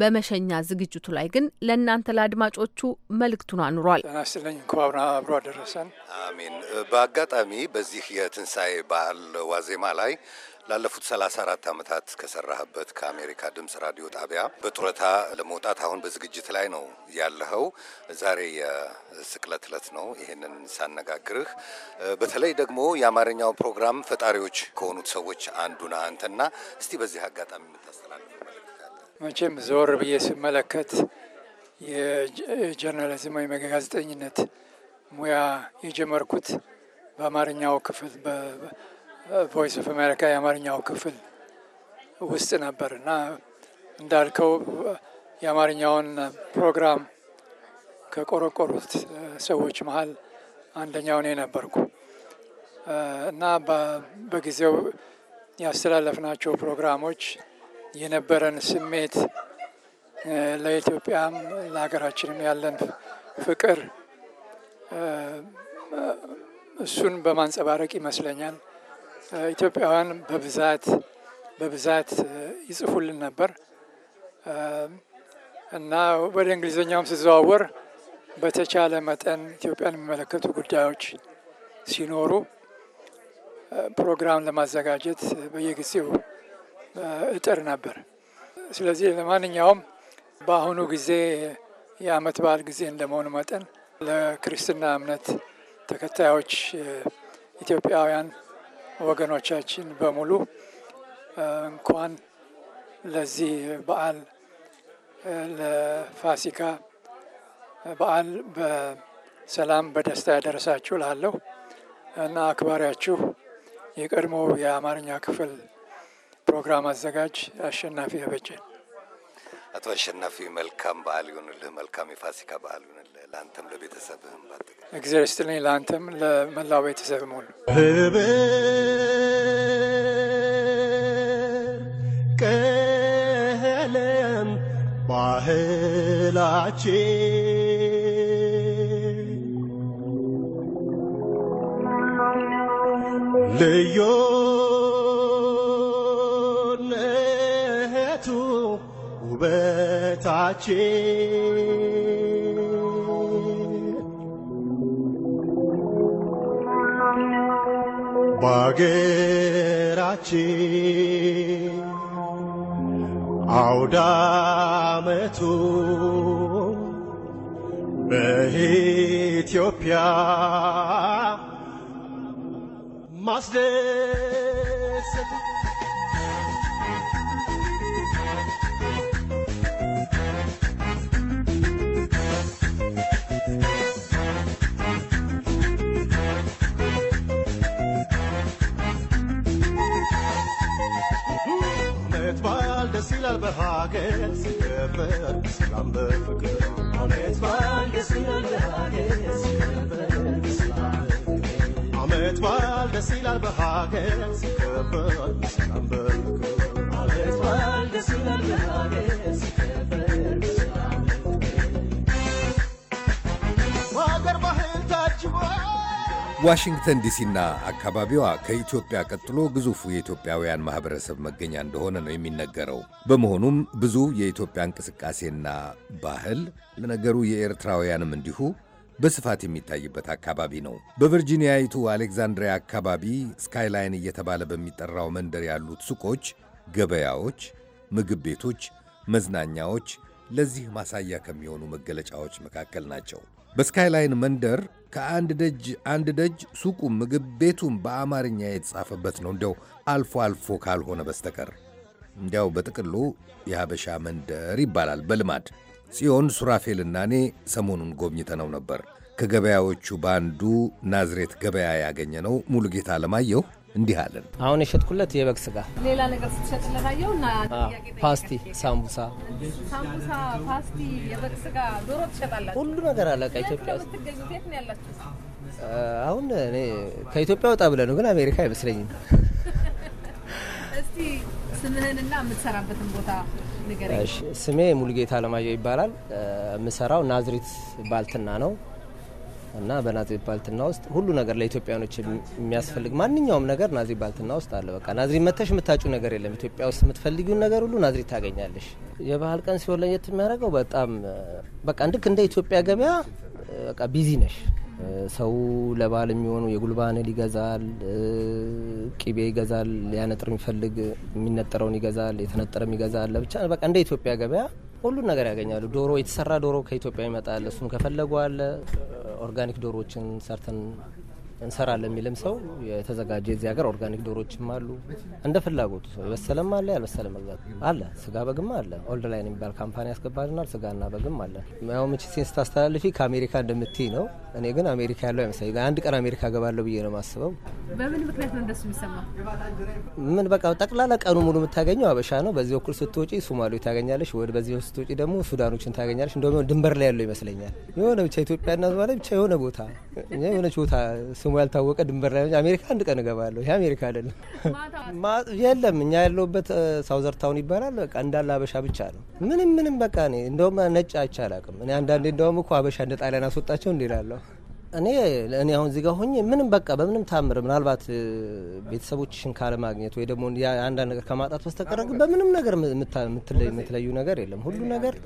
በመሸኛ ዝግጅቱ ላይ ግን ለእናንተ ለአድማጮቹ መልእክቱን አኑሯል። ናስለኝ እንኳ አብሮ አደረሰን። አሚን። በአጋጣሚ በዚህ የትንሣኤ በዓል ዋዜማ ላይ ላለፉት 34 ዓመታት ከሰራህበት ከአሜሪካ ድምፅ ራዲዮ ጣቢያ በጡረታ ለመውጣት አሁን በዝግጅት ላይ ነው ያለኸው። ዛሬ የስቅለት ዕለት ነው። ይህንን ሳነጋግርህ በተለይ ደግሞ የአማርኛው ፕሮግራም ፈጣሪዎች ከሆኑት ሰዎች አንዱ አንተና እስቲ በዚህ አጋጣሚ የምታስተላልፍ መቼም ዘወር ብዬ ስመለከት የጀርናሊዝም ወይም የጋዜጠኝነት ሙያ የጀመርኩት በአማርኛው ክፍል ቮይስ ኦፍ አሜሪካ የአማርኛው ክፍል ውስጥ ነበር እና እንዳልከው የአማርኛውን ፕሮግራም ከቆረቆሩት ሰዎች መሀል አንደኛው እኔ ነበርኩ እና በጊዜው ያስተላለፍናቸው ፕሮግራሞች የነበረን ስሜት ለኢትዮጵያም ለሀገራችንም ያለን ፍቅር እሱን በማንጸባረቅ ይመስለኛል ኢትዮጵያውያን በብዛት በብዛት ይጽፉልን ነበር እና ወደ እንግሊዝኛውም ስዘዋወር በተቻለ መጠን ኢትዮጵያን የሚመለከቱ ጉዳዮች ሲኖሩ ፕሮግራም ለማዘጋጀት በየጊዜው እጥር ነበር። ስለዚህ ለማንኛውም በአሁኑ ጊዜ የዓመት በዓል ጊዜ እንደመሆኑ መጠን ለክርስትና እምነት ተከታዮች ኢትዮጵያውያን ወገኖቻችን በሙሉ እንኳን ለዚህ በዓል ለፋሲካ በዓል በሰላም በደስታ ያደረሳችሁ ላለሁ እና አክባሪያችሁ የቀድሞ የአማርኛ ክፍል ፕሮግራም አዘጋጅ አሸናፊ አበጀ አቶ አሸናፊ መልካም በዓል ይሆንልህ። መልካም የፋሲካ በዓል ይሆንልህ ለአንተም ለቤተሰብህም። ባጠቃላይ እግዚአብሔር ይስጥልኝ ለአንተም ለመላው ቤተሰብም ሁሉ ቀለም ባህላችን ልዩ በታች ባገራችን አውዳመቱ በኢትዮጵያ ማስደሰት ይላል በሀገር ሲከበር ሰላም በፍቅር አመት በዓል ደስ ይላል በሀገር ሲከበር ሰላም አመት በዓል ደስ ይላል በሀገር ሲከበር ሰላም በፍቅር አመት በዓል ደስ ይላል በሀገር ሲከበር ዋሽንግተን ዲሲና አካባቢዋ ከኢትዮጵያ ቀጥሎ ግዙፉ የኢትዮጵያውያን ማኅበረሰብ መገኛ እንደሆነ ነው የሚነገረው። በመሆኑም ብዙ የኢትዮጵያ እንቅስቃሴና ባህል ለነገሩ የኤርትራውያንም እንዲሁ በስፋት የሚታይበት አካባቢ ነው። በቨርጂኒያዊቱ አሌክዛንድሪያ አካባቢ ስካይላይን እየተባለ በሚጠራው መንደር ያሉት ሱቆች፣ ገበያዎች፣ ምግብ ቤቶች፣ መዝናኛዎች ለዚህ ማሳያ ከሚሆኑ መገለጫዎች መካከል ናቸው። በስካይላይን መንደር ከአንድ ደጅ አንድ ደጅ ሱቁ ምግብ ቤቱም በአማርኛ የተጻፈበት ነው፣ እንዲያው አልፎ አልፎ ካልሆነ በስተቀር እንዲያው በጥቅሉ የሀበሻ መንደር ይባላል በልማድ። ጽዮን ሱራፌልና እኔ ሰሞኑን ጎብኝተነው ነበር። ከገበያዎቹ በአንዱ ናዝሬት ገበያ ያገኘነው ሙሉጌታ አለማየሁ እንዲህ አለን። አሁን የሸጥኩለት የበግ ስጋ፣ ሌላ ነገር ስትሸጥለት አየሁ እና ፓስቲ፣ ሳምቡሳ፣ ሳምቡሳ፣ ፓስቲ፣ የበግ ስጋ፣ ዶሮ ትሸጣላችሁ። ሁሉ ነገር አለቃ ኢትዮጵያ ውስጥ ነው ያላችሁ? አሁን እኔ ከኢትዮጵያ ወጣ ብለህ ነው ግን አሜሪካ አይመስለኝም። እስቲ ስምህንና የምትሰራበትን ቦታ ስሜ ሙሉጌታ አለማየሁ ይባላል። ምሰራው ናዝሪት ባልትና ነው። እና በናዚ ባልትና ውስጥ ሁሉ ነገር ለኢትዮጵያኖች የሚያስፈልግ ማንኛውም ነገር ናዚ ባልትና ውስጥ አለ። በቃ ናዝሪ መተሽ የምታጩ ነገር የለም። ኢትዮጵያ ውስጥ የምትፈልጊውን ነገር ሁሉ ናዝሪ ታገኛለሽ። የባህል ቀን ሲሆን ለየት የሚያደርገው በጣም በቃ ልክ እንደ ኢትዮጵያ ገበያ በቃ ቢዚ ነሽ። ሰው ለባህል የሚሆኑ የጉልባን እህል ይገዛል፣ ቂቤ ይገዛል፣ ሊያነጥር የሚፈልግ የሚነጠረውን ይገዛል፣ የተነጠረም ይገዛል። ለብቻ በቃ እንደ ኢትዮጵያ ገበያ ሁሉን ነገር ያገኛሉ። ዶሮ የተሰራ ዶሮ ከኢትዮጵያ ይመጣል። እሱም ከፈለጉ አለ። ኦርጋኒክ ዶሮዎችን ሰርተን እንሰራለን የሚልም ሰው የተዘጋጀ የዚህ ሀገር ኦርጋኒክ ዶሮዎችም አሉ። እንደ ፍላጎቱ የበሰለም አለ፣ ያልበሰለ መግዛት አለ። ስጋ በግም አለ። ኦልድ ላይን የሚባል ካምፓኒ ያስገባልናል። ስጋና በግም አለ። ያው ምችሴን ከአሜሪካ እንደምትይ ነው እኔ ግን አሜሪካ ያለው አይመስለኝ። አንድ ቀን አሜሪካ ገባለሁ ብዬ ነው የማስበው። በምን ምክንያት ነው እንደሱ የሚሰማ? ምን በቃ ጠቅላላ ቀኑ ሙሉ የምታገኘው አበሻ ነው። በዚህ በኩል ስትወጪ ሶማሌ ታገኛለች፣ ወደ በዚህ ስትወጪ ደግሞ ሱዳኖችን ታገኛለች። እንደውም ድንበር ላይ ያለው ይመስለኛል የሆነ ብቻ ኢትዮጵያና ሶማሌ ብቻ የሆነ ቦታ የሆነች ቦታ ስሙ ያልታወቀ ድንበር ላይ አሜሪካ አንድ ቀን እገባለሁ። ይህ አሜሪካ አይደለም። የለም እኛ ያለውበት ሳውዘርታውን ይባላል። በቃ እንዳለ አበሻ ብቻ ነው። ምንም ምንም በቃ እኔ እንደውም ነጭ አይቼ አላውቅም። እኔ አንዳንዴ እንደውም እኮ አበሻ እንደ ጣሊያን አስወጣቸው እንዲላለሁ እኔ እኔ አሁን እዚህ ጋር ሆኜ ምንም በቃ በምንም ታምር ምናልባት ቤተሰቦችሽን ካለማግኘት ወይ ደግሞ አንዳንድ ነገር ከማጣት በስተቀር ግን በምንም ነገር የምትለዩ ነገር የለም። ሁሉ ነገር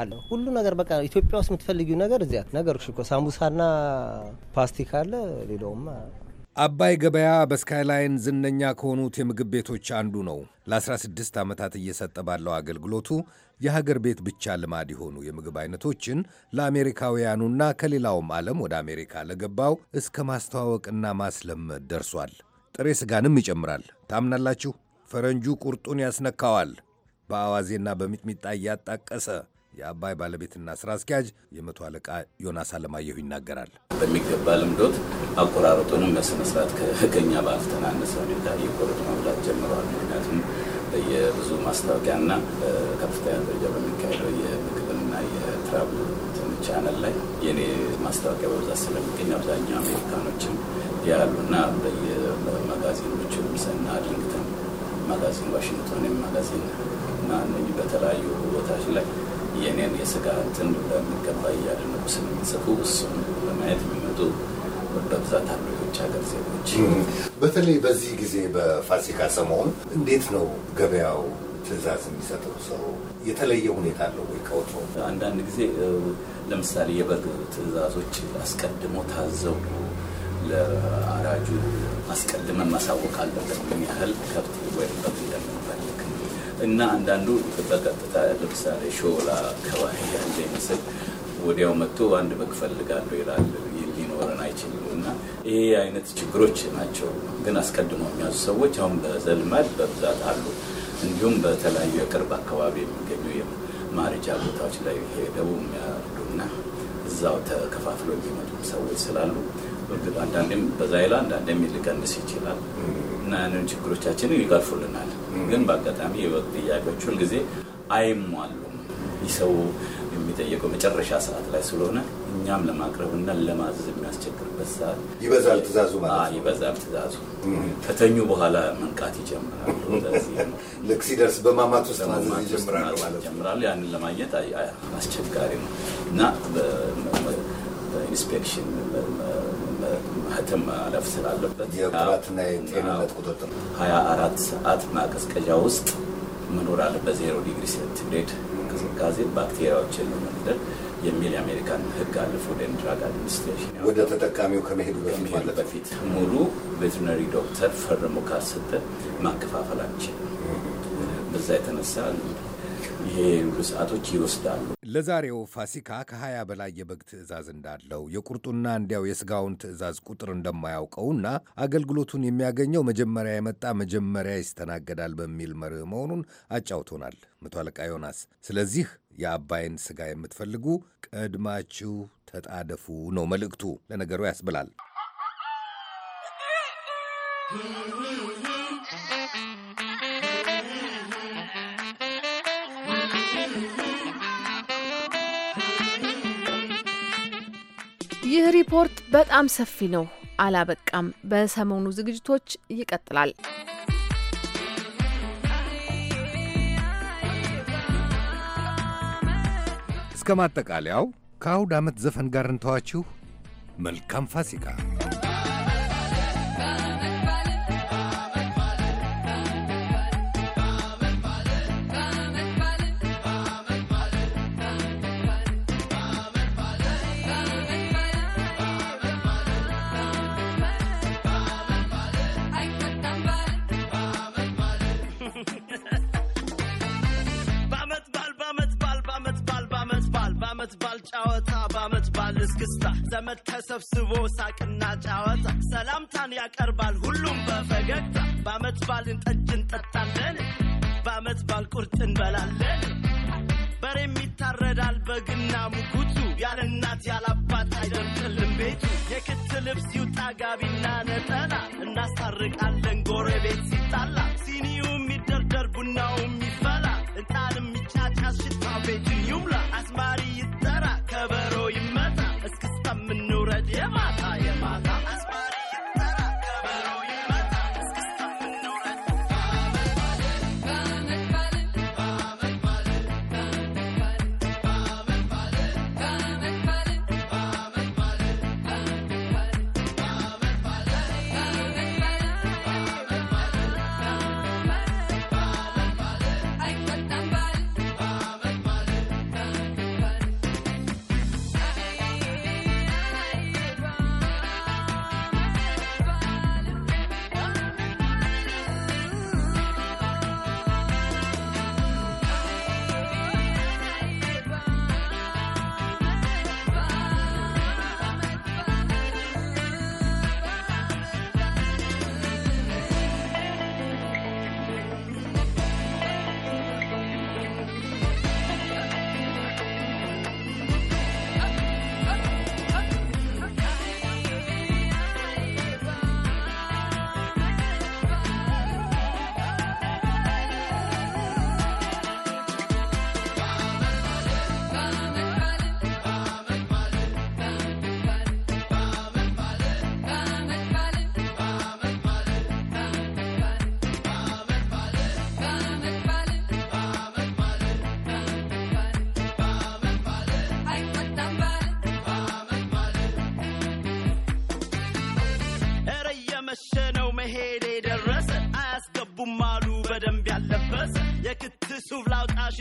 አለ። ሁሉ ነገር በቃ ኢትዮጵያ ውስጥ የምትፈልጊው ነገር እዚያ ነገሮች እኮ ሳምቡሳና ፓስቲ አለ። ሌላውም አባይ ገበያ በስካይላይን ዝነኛ ከሆኑት የምግብ ቤቶች አንዱ ነው። ለ16 ዓመታት እየሰጠ ባለው አገልግሎቱ የሀገር ቤት ብቻ ልማድ የሆኑ የምግብ አይነቶችን ለአሜሪካውያኑና ከሌላውም ዓለም ወደ አሜሪካ ለገባው እስከ ማስተዋወቅና ማስለመድ ደርሷል። ጥሬ ሥጋንም ይጨምራል። ታምናላችሁ? ፈረንጁ ቁርጡን ያስነካዋል። በአዋዜና በሚጥሚጣ እያጣቀሰ የአባይ ባለቤትና ስራ አስኪያጅ የመቶ አለቃ ዮናስ አለማየሁ ይናገራል። በሚገባ ልምዶት አቆራረጡንም በስነ ስርዓት ከኛ ባልተናነሰ ሁኔታ የቆረጡ መብላት ጀምረዋል። ምክንያቱም በየብዙ ማስታወቂያና ከፍተኛ ደረጃ በሚካሄደው የምግብና የትራቭል ቻናል ላይ የኔ ማስታወቂያ በብዛት ስለሚገኝ አብዛኛው አሜሪካኖችም ያሉና በየማጋዚኖችም ሰና አድሊንግተን ማጋዚን፣ ዋሽንግቶን ማጋዚን እና በተለያዩ ቦታዎች ላይ የኔን የስጋ እንትን ብለ እያደነቁ ስለሚጽፉ እሱን ለማየት የሚመጡ በብዛት አሉ የውጭ ሀገር ዜጎች። በተለይ በዚህ ጊዜ በፋሲካ ሰሞን እንዴት ነው ገበያው ትዕዛዝ የሚሰጠው ሰው የተለየ ሁኔታ አለው ወይ? ከወትሮ አንዳንድ ጊዜ ለምሳሌ የበግ ትዕዛዞች አስቀድሞ ታዘው ለአራጁ አስቀድመን ማሳወቅ አለበት ምን ያህል ከብት ወይም በግ እና አንዳንዱ በቀጥታ ለምሳሌ ሾላ አካባቢ ያለ ይመስል ወዲያው መጥቶ አንድ በግ ፈልጋለሁ ይላል። ሊኖረን አይችልም እና ይሄ አይነት ችግሮች ናቸው። ግን አስቀድሞ የሚያዙ ሰዎች አሁን በዘልማድ በብዛት አሉ። እንዲሁም በተለያዩ የቅርብ አካባቢ የሚገኙ የማረጃ ቦታዎች ላይ ሄደው የሚያርዱና እዛው ተከፋፍሎ የሚመጡ ሰዎች ስላሉ አንዳንዴም በዛ ይላል፣ አንዳንዴም ሊቀንስ ይችላል። እና ችግሮቻችንን ይቀርፉልናል። ግን በአጋጣሚ የወቅት ጥያቄዎች ሁልጊዜ አይሟሉም። ይሰው የሚጠየቀው መጨረሻ ሰዓት ላይ ስለሆነ እኛም ለማቅረብ እና ለማዘዝ የሚያስቸግርበት ሰዓት ይበዛል። ትእዛዙ ማለት ይበዛል። ትእዛዙ ከተኙ በኋላ መንቃት ይጀምራሉ። ልክ ሲደርስ በማማት ውስጥ ማዘዝ ይጀምራሉ። ያንን ለማግኘት አስቸጋሪ ነው እና ኢንስፔክሽን ህትም ማለፍ ስላለበት የጥራትና የጤንነት ቁጥጥር ሀያ አራት ሰዓት ማቀዝቀዣ ውስጥ መኖር አለበት። ዜሮ ዲግሪ ሴንቲግሬድ እንቅስቃሴ ባክቴሪያዎችን ለመግደል የሚል የአሜሪካን ህግ አለ። ፉድ ኤንድ ድራግ አድሚኒስትሬሽን ወደ ተጠቃሚው ከመሄዱ በፊት በፊት ሙሉ ቬትነሪ ዶክተር ፈርሞ ካልሰጠ ማከፋፈላችን በዛ የተነሳ ይሄ ሰዓቶች ይወስዳሉ። ለዛሬው ፋሲካ ከሀያ በላይ የበግ ትዕዛዝ እንዳለው የቁርጡና እንዲያው የስጋውን ትዕዛዝ ቁጥር እንደማያውቀውና አገልግሎቱን የሚያገኘው መጀመሪያ የመጣ መጀመሪያ ይስተናገዳል በሚል መርህ መሆኑን አጫውቶናል መቶ አለቃ ዮናስ። ስለዚህ የአባይን ስጋ የምትፈልጉ ቀድማችሁ ተጣደፉ ነው መልእክቱ። ለነገሩ ያስብላል ይህ ሪፖርት በጣም ሰፊ ነው፣ አላበቃም። በሰሞኑ ዝግጅቶች ይቀጥላል። እስከ ማጠቃለያው ከአውድ ዓመት ዘፈን ጋር እንተዋችሁ። መልካም ፋሲካ። በዓመት ባል ጨዋታ በዓመት ባል እስክስታ ዘመድ ተሰብስቦ ሳቅና ጨዋታ ሰላምታን ያቀርባል ሁሉም በፈገግታ በአመት ባል እንጠጅ እንጠጣለን፣ በአመት ባል ቁርጥ እንበላለን። በሬም ይታረዳል በግና ሙጉቱ ያለ እናት ያለ አባት ቤቱ። የክት ልብስ ይውጣ ጋቢና ነጠላ እናስታርቃለን ጎረቤት ሲጣላ ሲኒውም ይደርደር ቡናውም ይፈላ ዕጣንም ይጫጫ ሽታ ቤቱ ይሙላ ይ ከበሮ ይመታ እስክስታ ምንውረድ የማታ የማታ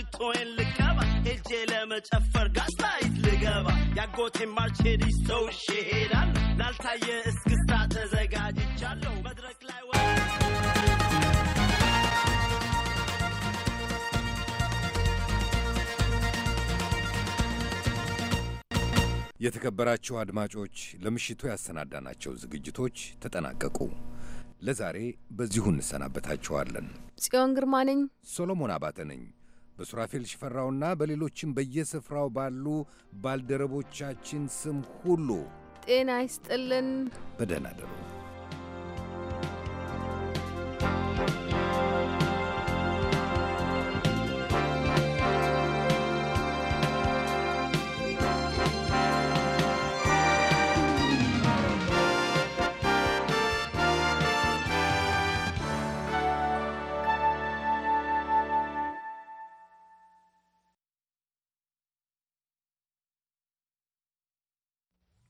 ሽቶዬን ልቀባ ሄጄ ለመጨፈር ጋስታይት ልገባ ያጎቴ ማርቼዲስ ሰው እሄዳለሁ ላልታየ እስክስታ ተዘጋጅቻለሁ መድረክ ላይ የተከበራችሁ አድማጮች ለምሽቱ ያሰናዳናቸው ዝግጅቶች ተጠናቀቁ። ለዛሬ በዚሁ እንሰናበታችኋለን። ጽዮን ግርማ ነኝ። ሶሎሞን አባተ ነኝ። በሱራፌል ሽፈራውና በሌሎችም በየስፍራው ባሉ ባልደረቦቻችን ስም ሁሉ ጤና ይስጥልን። በደህና ደሩ።